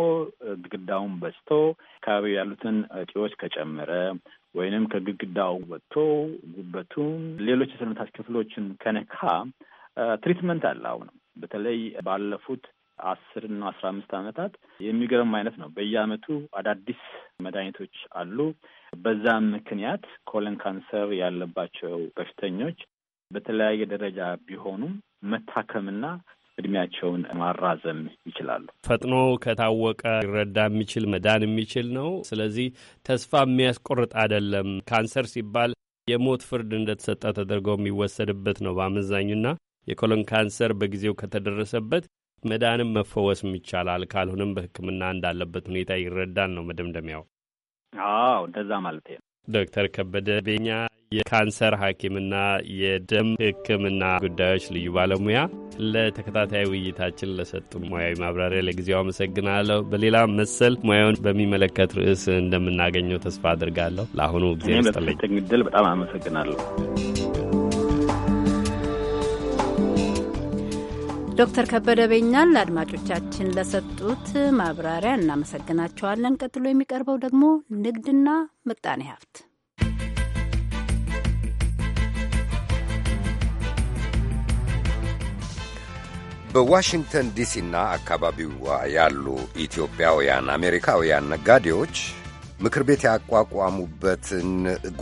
ግድግዳውን በስቶ አካባቢ ያሉትን እጢዎች ከጨመረ ወይንም ከግድግዳው ወጥቶ ጉበቱን፣ ሌሎች የሰውነታች ክፍሎችን ከነካ ትሪትመንት አለ። አሁን በተለይ ባለፉት አስር እና አስራ አምስት ዓመታት የሚገርም አይነት ነው። በየአመቱ አዳዲስ መድኃኒቶች አሉ። በዛም ምክንያት ኮለን ካንሰር ያለባቸው በሽተኞች በተለያየ ደረጃ ቢሆኑም መታከምና እድሜያቸውን ማራዘም ይችላሉ። ፈጥኖ ከታወቀ ሊረዳ የሚችል መዳን የሚችል ነው። ስለዚህ ተስፋ የሚያስቆርጥ አይደለም። ካንሰር ሲባል የሞት ፍርድ እንደተሰጠ ተደርጎ የሚወሰድበት ነው በአመዛኙና የኮሎን ካንሰር በጊዜው ከተደረሰበት መዳንም መፈወስም ይቻላል። ካልሆነም በሕክምና እንዳለበት ሁኔታ ይረዳል ነው መደምደሚያው። አዎ እንደዛ ማለት ነው። ዶክተር ከበደ ቤኛ የካንሰር ሐኪምና የደም ሕክምና ጉዳዮች ልዩ ባለሙያ ለተከታታይ ውይይታችን ለሰጡ ሙያዊ ማብራሪያ ለጊዜው አመሰግናለሁ። በሌላ መሰል ሙያውን በሚመለከት ርዕስ እንደምናገኘው ተስፋ አድርጋለሁ። ለአሁኑ ጊዜ ስጠለኝ በጣም አመሰግናለሁ። ዶክተር ከበደ በኛል ለአድማጮቻችን ለሰጡት ማብራሪያ እናመሰግናቸዋለን። ቀጥሎ የሚቀርበው ደግሞ ንግድና ምጣኔ ሀብት በዋሽንግተን ዲሲና አካባቢዋ ያሉ ኢትዮጵያውያን አሜሪካውያን ነጋዴዎች ምክር ቤት ያቋቋሙበትን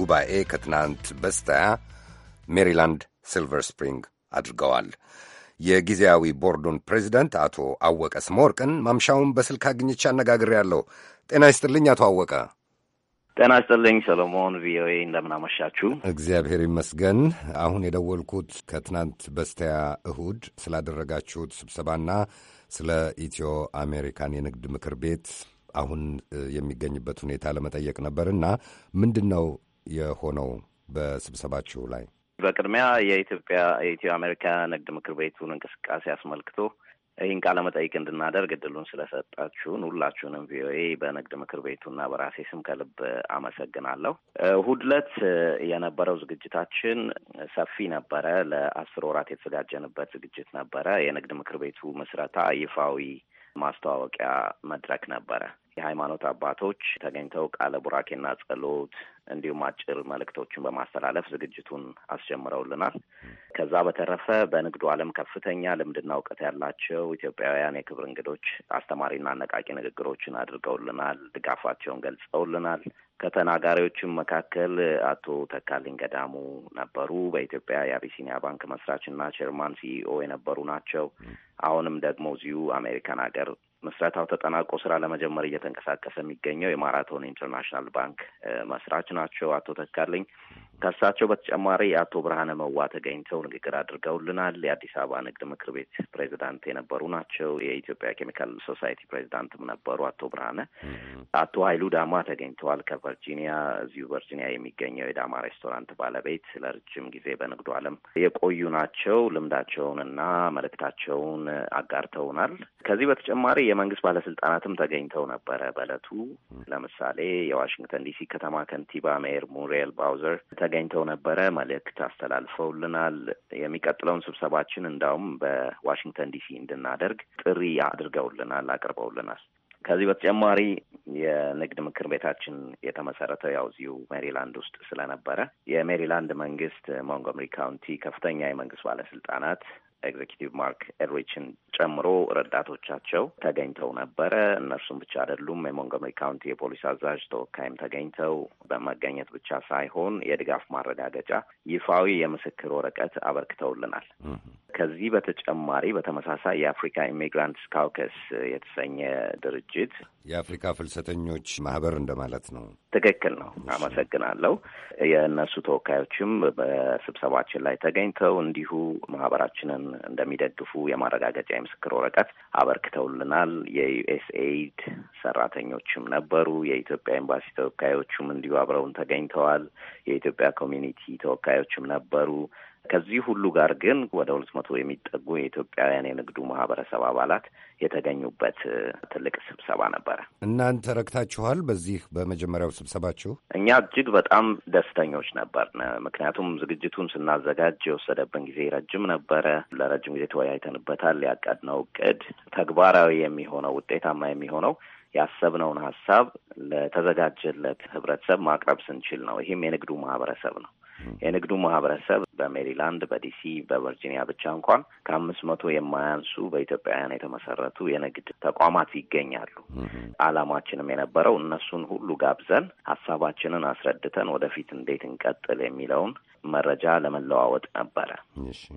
ጉባኤ ከትናንት በስተያ ሜሪላንድ ሲልቨር ስፕሪንግ አድርገዋል። የጊዜያዊ ቦርዱን ፕሬዚደንት አቶ አወቀ ስመወርቅን ማምሻውን በስልክ አግኝቼ ያለው ጤና ይስጥልኝ አቶ አወቀ። ጤና ይስጥልኝ ሰሎሞን፣ ቪኦኤ እንደምን አመሻችሁ? እግዚአብሔር ይመስገን። አሁን የደወልኩት ከትናንት በስቲያ እሁድ ስላደረጋችሁት ስብሰባና ስለ ኢትዮ አሜሪካን የንግድ ምክር ቤት አሁን የሚገኝበት ሁኔታ ለመጠየቅ ነበርና ምንድን ነው የሆነው በስብሰባችሁ ላይ? በቅድሚያ የኢትዮጵያ የኢትዮ አሜሪካ ንግድ ምክር ቤቱን እንቅስቃሴ አስመልክቶ ይህን ቃለ መጠይቅ እንድናደርግ እድሉን ስለሰጣችሁን ሁላችሁንም ቪኦኤ በንግድ ምክር ቤቱና በራሴ ስም ከልብ አመሰግናለሁ። ሁድለት ዕለት የነበረው ዝግጅታችን ሰፊ ነበረ። ለአስር ወራት የተዘጋጀንበት ዝግጅት ነበረ። የንግድ ምክር ቤቱ ምስረታ ይፋዊ ማስተዋወቂያ መድረክ ነበረ። የሃይማኖት አባቶች ተገኝተው ቃለ ቡራኬና ጸሎት እንዲሁም አጭር መልእክቶችን በማስተላለፍ ዝግጅቱን አስጀምረውልናል። ከዛ በተረፈ በንግዱ ዓለም ከፍተኛ ልምድና እውቀት ያላቸው ኢትዮጵያውያን የክብር እንግዶች አስተማሪና አነቃቂ ንግግሮችን አድርገውልናል። ድጋፋቸውን ገልጸውልናል። ከተናጋሪዎችም መካከል አቶ ተካልኝ ገዳሙ ነበሩ። በኢትዮጵያ የአቢሲኒያ ባንክ መስራችና ቸርማን ሲኢኦ የነበሩ ናቸው። አሁንም ደግሞ እዚሁ አሜሪካን ሀገር ምስረታው ተጠናቆ ስራ ለመጀመር እየተንቀሳቀሰ የሚገኘው የማራቶን ኢንተርናሽናል ባንክ መስራች ናቸው አቶ ተካልኝ። ከእሳቸው በተጨማሪ የአቶ ብርሃነ መዋ ተገኝተው ንግግር አድርገውልናል። የአዲስ አበባ ንግድ ምክር ቤት ፕሬዚዳንት የነበሩ ናቸው። የኢትዮጵያ ኬሚካል ሶሳይቲ ፕሬዚዳንትም ነበሩ አቶ ብርሃነ። አቶ ኃይሉ ዳማ ተገኝተዋል። ከቨርጂኒያ እዚሁ ቨርጂኒያ የሚገኘው የዳማ ሬስቶራንት ባለቤት ለረጅም ጊዜ በንግዱ ዓለም የቆዩ ናቸው። ልምዳቸውን እና መልእክታቸውን አጋርተውናል። ከዚህ በተጨማሪ የመንግስት ባለስልጣናትም ተገኝተው ነበረ በእለቱ ለምሳሌ የዋሽንግተን ዲሲ ከተማ ከንቲባ ሜየር ሙሪየል ባውዘር ተገኝተው ነበረ። መልእክት አስተላልፈውልናል። የሚቀጥለውን ስብሰባችን እንዳውም በዋሽንግተን ዲሲ እንድናደርግ ጥሪ አድርገውልናል፣ አቅርበውልናል። ከዚህ በተጨማሪ የንግድ ምክር ቤታችን የተመሰረተው ያው እዚሁ ሜሪላንድ ውስጥ ስለነበረ የሜሪላንድ መንግስት ሞንጎምሪ ካውንቲ ከፍተኛ የመንግስት ባለስልጣናት ኤግዜኪቲቭ ማርክ ኤድሪችን ጨምሮ ረዳቶቻቸው ተገኝተው ነበረ። እነርሱም ብቻ አይደሉም። የሞንጎመሪ ካውንቲ የፖሊስ አዛዥ ተወካይም ተገኝተው በመገኘት ብቻ ሳይሆን የድጋፍ ማረጋገጫ ይፋዊ የምስክር ወረቀት አበርክተውልናል። ከዚህ በተጨማሪ በተመሳሳይ የአፍሪካ ኢሚግራንትስ ካውከስ የተሰኘ ድርጅት የአፍሪካ ፍልሰተኞች ማህበር እንደማለት ነው። ትክክል ነው። አመሰግናለሁ። የእነሱ ተወካዮችም በስብሰባችን ላይ ተገኝተው እንዲሁ ማህበራችንን እንደሚደግፉ የማረጋገጫ የምስክር ወረቀት አበርክተውልናል። የዩኤስኤይድ ሰራተኞችም ነበሩ። የኢትዮጵያ ኤምባሲ ተወካዮቹም እንዲሁ አብረውን ተገኝተዋል። የኢትዮጵያ ኮሚኒቲ ተወካዮችም ነበሩ። ከዚህ ሁሉ ጋር ግን ወደ ሁለት መቶ የሚጠጉ የኢትዮጵያውያን የንግዱ ማህበረሰብ አባላት የተገኙበት ትልቅ ስብሰባ ነበረ። እናንተ ረክታችኋል። በዚህ በመጀመሪያው ስብሰባችሁ እኛ እጅግ በጣም ደስተኞች ነበር። ምክንያቱም ዝግጅቱን ስናዘጋጅ የወሰደብን ጊዜ ረጅም ነበረ። ለረጅም ጊዜ ተወያይተንበታል። ያቀድነው እቅድ ተግባራዊ የሚሆነው ውጤታማ የሚሆነው ያሰብነውን ሀሳብ ለተዘጋጀለት ህብረተሰብ ማቅረብ ስንችል ነው። ይህም የንግዱ ማህበረሰብ ነው። የንግዱ ማህበረሰብ በሜሪላንድ፣ በዲሲ፣ በቨርጂኒያ ብቻ እንኳን ከአምስት መቶ የማያንሱ በኢትዮጵያውያን የተመሰረቱ የንግድ ተቋማት ይገኛሉ። አላማችንም የነበረው እነሱን ሁሉ ጋብዘን ሀሳባችንን አስረድተን ወደፊት እንዴት እንቀጥል የሚለውን መረጃ ለመለዋወጥ ነበረ።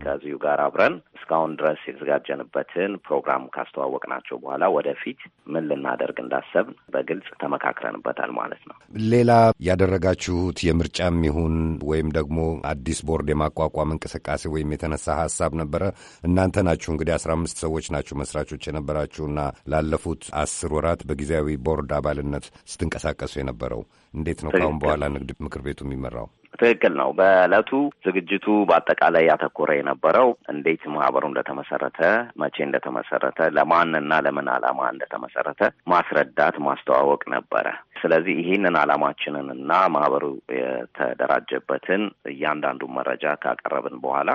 ከዚሁ ጋር አብረን እስካሁን ድረስ የተዘጋጀንበትን ፕሮግራም ካስተዋወቅናቸው በኋላ ወደፊት ምን ልናደርግ እንዳሰብን በግልጽ ተመካክረንበታል ማለት ነው። ሌላ ያደረጋችሁት የምርጫም ይሁን ወይም ደግሞ አዲስ ቦርድ የማቋቋም እንቅስቃሴ ወይም የተነሳ ሀሳብ ነበረ። እናንተ ናችሁ እንግዲህ አስራ አምስት ሰዎች ናችሁ መስራቾች የነበራችሁና ላለፉት አስር ወራት በጊዜያዊ ቦርድ አባልነት ስትንቀሳቀሱ የነበረው እንዴት ነው? ካሁን በኋላ ንግድ ምክር ቤቱ የሚመራው ትክክል ነው። በእለቱ ዝግጅቱ በአጠቃላይ ያተኮረ የነበረው እንዴት ማህበሩ እንደተመሰረተ፣ መቼ እንደተመሰረተ፣ ለማንና ለምን ዓላማ እንደተመሰረተ ማስረዳት ማስተዋወቅ ነበረ። ስለዚህ ይህንን ዓላማችንን እና ማህበሩ የተደራጀበትን እያንዳንዱን መረጃ ካቀረብን በኋላ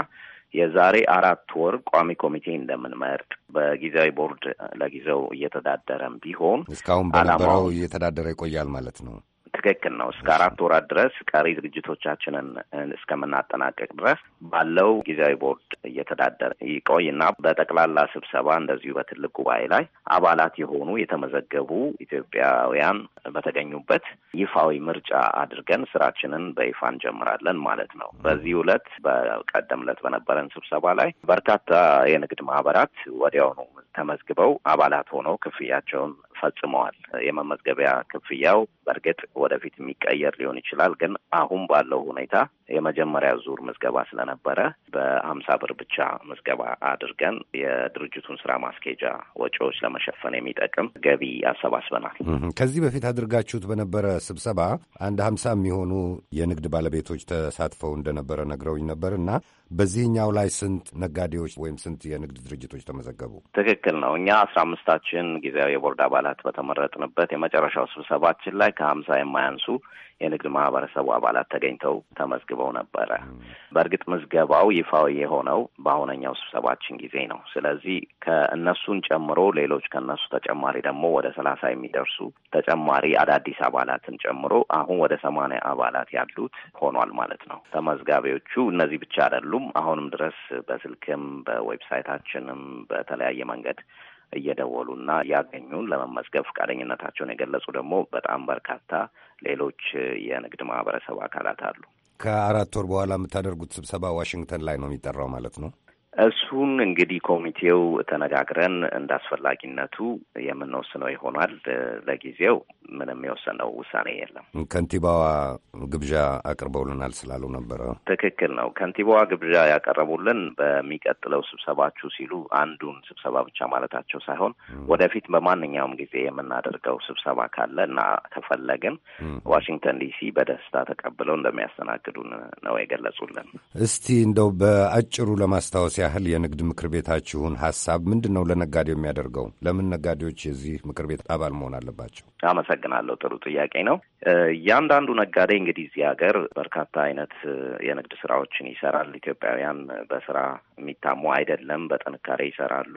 የዛሬ አራት ወር ቋሚ ኮሚቴ እንደምንመርጥ በጊዜያዊ ቦርድ ለጊዜው እየተዳደረም ቢሆን እስካሁን በነበረው እየተዳደረ ይቆያል ማለት ነው። ትክክል ነው። እስከ አራት ወራት ድረስ ቀሪ ዝግጅቶቻችንን እስከምናጠናቀቅ ድረስ ባለው ጊዜያዊ ቦርድ እየተዳደረ ይቆይ በጠቅላላ ስብሰባ እንደዚሁ በትልቅ ጉባኤ ላይ አባላት የሆኑ የተመዘገቡ ኢትዮጵያውያን በተገኙበት ይፋዊ ምርጫ አድርገን ስራችንን በይፋ እንጀምራለን ማለት ነው። በዚህ ዕለት በቀደም ዕለት በነበረን ስብሰባ ላይ በርካታ የንግድ ማህበራት ወዲያውኑ ተመዝግበው አባላት ሆነው ክፍያቸውን ፈጽመዋል። የመመዝገቢያ ክፍያው በእርግጥ ወደፊት የሚቀየር ሊሆን ይችላል። ግን አሁን ባለው ሁኔታ የመጀመሪያ ዙር ምዝገባ ስለነበረ በአምሳ ብር ብቻ ምዝገባ አድርገን የድርጅቱን ስራ ማስኬጃ ወጪዎች ለመሸፈን የሚጠቅም ገቢ አሰባስበናል። ከዚህ በፊት አድርጋችሁት በነበረ ስብሰባ አንድ ሀምሳ የሚሆኑ የንግድ ባለቤቶች ተሳትፈው እንደነበረ ነግረውኝ ነበር እና በዚህኛው ላይ ስንት ነጋዴዎች ወይም ስንት የንግድ ድርጅቶች ተመዘገቡ? ትክክል ነው። እኛ አስራ አምስታችን ጊዜያዊ የቦርድ አባላት በተመረጥንበት የመጨረሻው ስብሰባችን ላይ ከሀምሳ የማያንሱ የንግድ ማህበረሰቡ አባላት ተገኝተው ተመዝግበው ነበረ። በእርግጥ ምዝገባው ይፋዊ የሆነው በአሁነኛው ስብሰባችን ጊዜ ነው። ስለዚህ ከእነሱን ጨምሮ ሌሎች ከእነሱ ተጨማሪ ደግሞ ወደ ሰላሳ የሚደርሱ ተጨማሪ አዳዲስ አባላትን ጨምሮ አሁን ወደ ሰማንያ አባላት ያሉት ሆኗል ማለት ነው። ተመዝጋቢዎቹ እነዚህ ብቻ አይደሉም። አሁንም ድረስ በስልክም በዌብሳይታችንም በተለያየ መንገድ እየደወሉና ያገኙን ለመመዝገብ ፈቃደኝነታቸውን የገለጹ ደግሞ በጣም በርካታ ሌሎች የንግድ ማህበረሰብ አካላት አሉ። ከአራት ወር በኋላ የምታደርጉት ስብሰባ ዋሽንግተን ላይ ነው የሚጠራው ማለት ነው? እሱን እንግዲህ ኮሚቴው ተነጋግረን እንደ አስፈላጊነቱ የምንወስነው ይሆናል። ለጊዜው ምንም የወሰነው ውሳኔ የለም። ከንቲባዋ ግብዣ አቅርበውልናል ስላሉ ነበረ። ትክክል ነው። ከንቲባዋ ግብዣ ያቀረቡልን በሚቀጥለው ስብሰባችሁ ሲሉ አንዱን ስብሰባ ብቻ ማለታቸው ሳይሆን ወደፊት በማንኛውም ጊዜ የምናደርገው ስብሰባ ካለ እና ከፈለግን ዋሽንግተን ዲሲ በደስታ ተቀብለው እንደሚያስተናግዱን ነው የገለጹልን። እስቲ እንደው በአጭሩ ለማስታወስ ያህል የንግድ ምክር ቤታችሁን ሀሳብ ምንድን ነው ለነጋዴው የሚያደርገው? ለምን ነጋዴዎች የዚህ ምክር ቤት አባል መሆን አለባቸው? አመሰግናለሁ። ጥሩ ጥያቄ ነው። እያንዳንዱ ነጋዴ እንግዲህ እዚህ ሀገር በርካታ አይነት የንግድ ስራዎችን ይሰራል። ኢትዮጵያውያን በስራ የሚታሙ አይደለም፣ በጥንካሬ ይሰራሉ።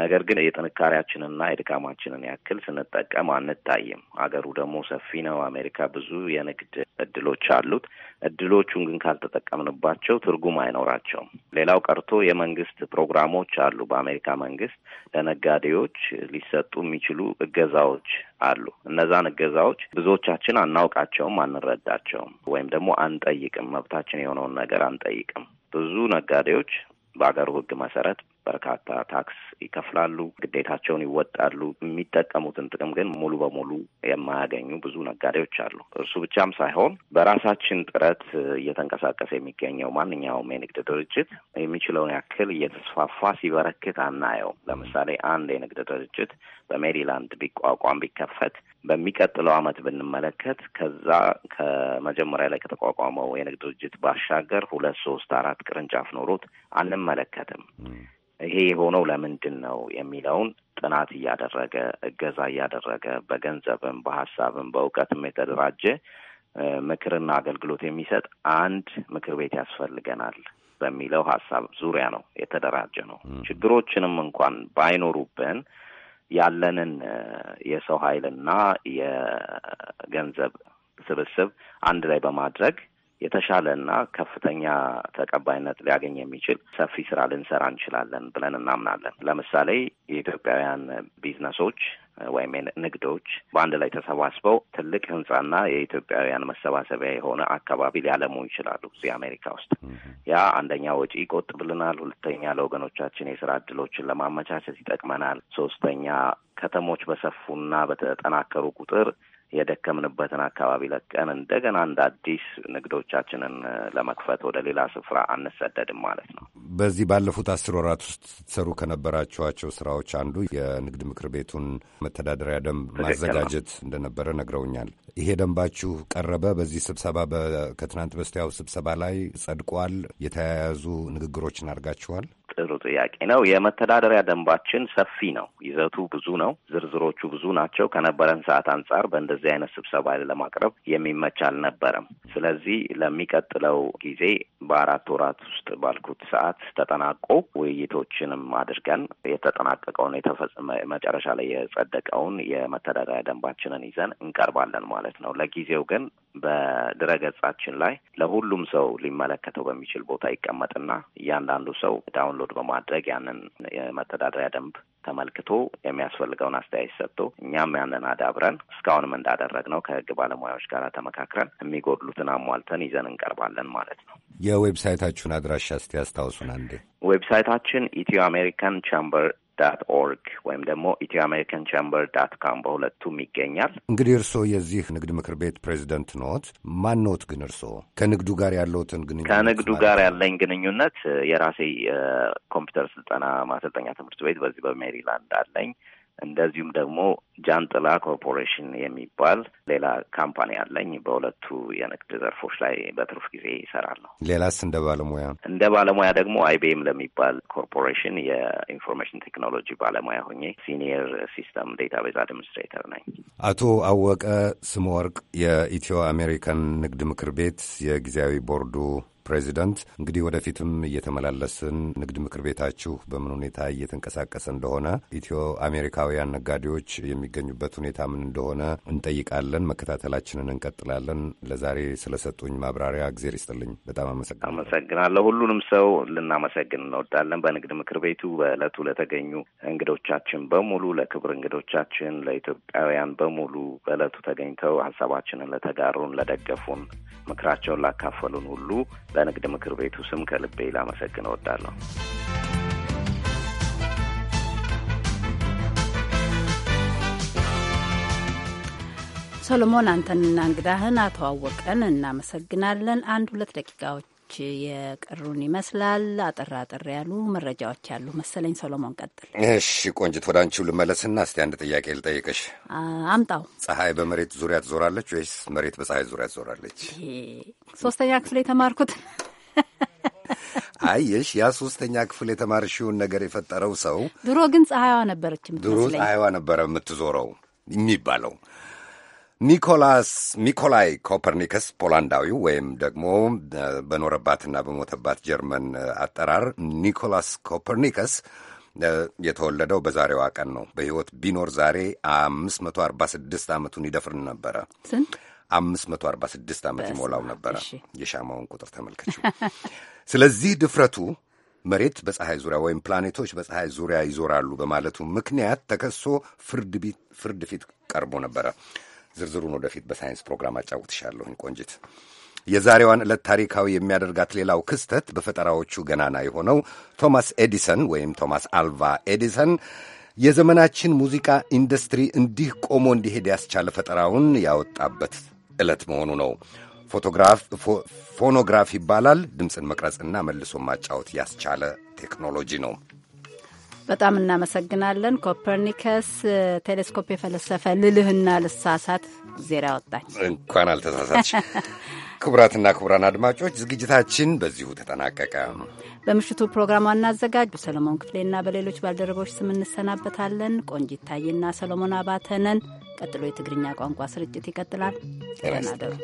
ነገር ግን የጥንካሬያችንንና የድካማችንን ያክል ስንጠቀም አንታይም። ሀገሩ ደግሞ ሰፊ ነው። አሜሪካ ብዙ የንግድ እድሎች አሉት። እድሎቹን ግን ካልተጠቀምንባቸው ትርጉም አይኖራቸውም። ሌላው ቀርቶ የመንግስት ፕሮግራሞች አሉ። በአሜሪካ መንግስት ለነጋዴዎች ሊሰጡ የሚችሉ እገዛዎች አሉ። እነዛን እገዛዎች ብዙዎቻችን አናውቃቸውም፣ አንረዳቸውም፣ ወይም ደግሞ አንጠይቅም። መብታችን የሆነውን ነገር አንጠይቅም። ብዙ ነጋዴዎች በአገሩ ህግ መሰረት በርካታ ታክስ ይከፍላሉ፣ ግዴታቸውን ይወጣሉ። የሚጠቀሙትን ጥቅም ግን ሙሉ በሙሉ የማያገኙ ብዙ ነጋዴዎች አሉ። እርሱ ብቻም ሳይሆን በራሳችን ጥረት እየተንቀሳቀሰ የሚገኘው ማንኛውም የንግድ ድርጅት የሚችለውን ያክል እየተስፋፋ ሲበረክት አናየውም። ለምሳሌ አንድ የንግድ ድርጅት በሜሪላንድ ቢቋቋም ቢከፈት በሚቀጥለው ዓመት ብንመለከት ከዛ ከመጀመሪያ ላይ ከተቋቋመው የንግድ ድርጅት ባሻገር ሁለት ሶስት አራት ቅርንጫፍ ኖሮት አንመለከትም። ይሄ የሆነው ለምንድን ነው የሚለውን ጥናት እያደረገ እገዛ እያደረገ በገንዘብም በሀሳብም በእውቀትም የተደራጀ ምክርና አገልግሎት የሚሰጥ አንድ ምክር ቤት ያስፈልገናል በሚለው ሀሳብ ዙሪያ ነው የተደራጀ ነው። ችግሮችንም እንኳን ባይኖሩብን ያለንን የሰው ኃይልና የገንዘብ ስብስብ አንድ ላይ በማድረግ እና ከፍተኛ ተቀባይነት ሊያገኝ የሚችል ሰፊ ስራ ልንሰራ እንችላለን ብለን እናምናለን። ለምሳሌ የኢትዮጵያውያን ቢዝነሶች ወይም ንግዶች በአንድ ላይ ተሰባስበው ትልቅ ህንጻና የኢትዮጵያውያን መሰባሰቢያ የሆነ አካባቢ ሊያለሙ ይችላሉ እዚህ አሜሪካ ውስጥ። ያ አንደኛ ወጪ ይቆጥብልናል፣ ሁለተኛ ለወገኖቻችን የስራ እድሎችን ለማመቻቸት ይጠቅመናል፣ ሶስተኛ ከተሞች በሰፉና በተጠናከሩ ቁጥር የደከምንበትን አካባቢ ለቀን እንደገና እንደ አዲስ ንግዶቻችንን ለመክፈት ወደ ሌላ ስፍራ አንሰደድም ማለት ነው። በዚህ ባለፉት አስር ወራት ውስጥ ስትሰሩ ከነበራችኋቸው ስራዎች አንዱ የንግድ ምክር ቤቱን መተዳደሪያ ደንብ ማዘጋጀት እንደነበረ ነግረውኛል። ይሄ ደንባችሁ ቀረበ። በዚህ ስብሰባ ከትናንት በስቲያው ስብሰባ ላይ ጸድቋል። የተያያዙ ንግግሮችን አድርጋችኋል። ጥሩ ጥያቄ ነው። የመተዳደሪያ ደንባችን ሰፊ ነው። ይዘቱ ብዙ ነው። ዝርዝሮቹ ብዙ ናቸው። ከነበረን ሰዓት አንጻር በእንደዚህ አይነት ስብሰባ ለማቅረብ የሚመች አልነበረም። ስለዚህ ለሚቀጥለው ጊዜ በአራት ወራት ውስጥ ባልኩት ሰዓት ተጠናቆ ውይይቶችንም አድርገን የተጠናቀቀውን የተፈጸመ መጨረሻ ላይ የጸደቀውን የመተዳደሪያ ደንባችንን ይዘን እንቀርባለን ማለት ነው። ለጊዜው ግን በድረገጻችን ላይ ለሁሉም ሰው ሊመለከተው በሚችል ቦታ ይቀመጥና እያንዳንዱ ሰው ዳውንሎድ በማድረግ ያንን የመተዳደሪያ ደንብ ተመልክቶ የሚያስፈልገውን አስተያየት ሰጥቶ እኛም ያንን አዳብረን እስካሁንም እንዳደረግ ነው ከህግ ባለሙያዎች ጋር ተመካክረን የሚጎድሉትን አሟልተን ይዘን እንቀርባለን ማለት ነው። የዌብሳይታችሁን አድራሻ እስቲ ያስታውሱን አንዴ። ዌብሳይታችን ኢትዮ አሜሪካን ቻምበር ዳት ኦርግ ወይም ደግሞ ኢትዮ አሜሪካን ቻምበር ዳት ካም በሁለቱም ይገኛል። እንግዲህ እርስዎ የዚህ ንግድ ምክር ቤት ፕሬዚደንት ኖት። ማን ኖት ግን እርስዎ ከንግዱ ጋር ያለውትን ግንኙነት? ከንግዱ ጋር ያለኝ ግንኙነት የራሴ የኮምፒውተር ስልጠና ማሰልጠኛ ትምህርት ቤት በዚህ በሜሪላንድ አለኝ። እንደዚሁም ደግሞ ጃንጥላ ኮርፖሬሽን የሚባል ሌላ ካምፓኒ አለኝ። በሁለቱ የንግድ ዘርፎች ላይ በትርፍ ጊዜ ይሰራለሁ። ሌላስ እንደ ባለሙያ እንደ ባለሙያ ደግሞ አይቢኤም ለሚባል ኮርፖሬሽን የኢንፎርሜሽን ቴክኖሎጂ ባለሙያ ሆኜ ሲኒየር ሲስተም ዴታቤዝ አድሚኒስትሬተር ነኝ። አቶ አወቀ ስመወርቅ የኢትዮ አሜሪካን ንግድ ምክር ቤት የጊዜያዊ ቦርዱ ፕሬዚደንት እንግዲህ ወደፊትም እየተመላለስን ንግድ ምክር ቤታችሁ በምን ሁኔታ እየተንቀሳቀሰ እንደሆነ ኢትዮ አሜሪካውያን ነጋዴዎች የሚገኙበት ሁኔታ ምን እንደሆነ እንጠይቃለን። መከታተላችንን እንቀጥላለን። ለዛሬ ስለሰጡኝ ማብራሪያ እግዜር ይስጥልኝ። በጣም አመሰግናለሁ። አመሰግናለሁ። ሁሉንም ሰው ልናመሰግን እንወዳለን። በንግድ ምክር ቤቱ በእለቱ ለተገኙ እንግዶቻችን በሙሉ፣ ለክብር እንግዶቻችን፣ ለኢትዮጵያውያን በሙሉ በእለቱ ተገኝተው ሀሳባችንን ለተጋሩን፣ ለደገፉን፣ ምክራቸውን ላካፈሉን ሁሉ በንግድ ምክር ቤቱ ስም ከልቤ ላመሰግን እወዳለሁ። ሰሎሞን አንተንና እንግዳህን አተዋወቀን እናመሰግናለን። አንድ ሁለት ደቂቃዎች የቀሩን ይመስላል። አጠር አጠር ያሉ መረጃዎች ያሉ መሰለኝ። ሰሎሞን ቀጥል። እሺ ቆንጅት፣ ወደ አንቺው ልመለስና እስቲ አንድ ጥያቄ ልጠይቅሽ። አምጣው። ፀሐይ በመሬት ዙሪያ ትዞራለች ወይስ መሬት በፀሐይ ዙሪያ ትዞራለች? ሶስተኛ ክፍል የተማርኩት አየሽ ያ ሶስተኛ ክፍል የተማርሽውን ነገር የፈጠረው ሰው። ድሮ ግን ፀሐይዋ ነበረች። ድሮ ፀሐይዋ ነበረ የምትዞረው የሚባለው ኒኮላስ ኒኮላይ ኮፐርኒከስ ፖላንዳዊው ወይም ደግሞ በኖረባትና በሞተባት ጀርመን አጠራር ኒኮላስ ኮፐርኒከስ የተወለደው በዛሬዋ ቀን ነው። በሕይወት ቢኖር ዛሬ ስድስት ዓመቱን ይደፍር ነበረ። አምስት መቶ አርባ ስድስት ዓመት ይሞላው ነበረ። የሻማውን ቁጥር ተመልከች። ስለዚህ ድፍረቱ መሬት በፀሐይ ዙሪያ ወይም ፕላኔቶች በፀሐይ ዙሪያ ይዞራሉ በማለቱ ምክንያት ተከሶ ፍርድ ፊት ቀርቦ ነበረ። ዝርዝሩን ወደፊት በሳይንስ ፕሮግራም አጫውትሻለሁኝ ቆንጅት። የዛሬዋን ዕለት ታሪካዊ የሚያደርጋት ሌላው ክስተት በፈጠራዎቹ ገናና የሆነው ቶማስ ኤዲሰን ወይም ቶማስ አልቫ ኤዲሰን የዘመናችን ሙዚቃ ኢንዱስትሪ እንዲህ ቆሞ እንዲሄድ ያስቻለ ፈጠራውን ያወጣበት ዕለት መሆኑ ነው። ፎኖግራፍ ይባላል። ድምፅን መቅረጽና መልሶ ማጫወት ያስቻለ ቴክኖሎጂ ነው። በጣም እናመሰግናለን። ኮፐርኒከስ ቴሌስኮፕ የፈለሰፈ ልልህና ልሳሳት ዜራ ያወጣኝ እንኳን አልተሳሳች። ክቡራትና ክቡራን አድማጮች ዝግጅታችን በዚሁ ተጠናቀቀ። በምሽቱ ፕሮግራም ዋና አዘጋጁ ሰለሞን ክፍሌና በሌሎች ባልደረቦች ስም እንሰናበታለን። ቆንጅ ይታይና ሰለሞን አባተነን። ቀጥሎ የትግርኛ ቋንቋ ስርጭት ይቀጥላል። ጤና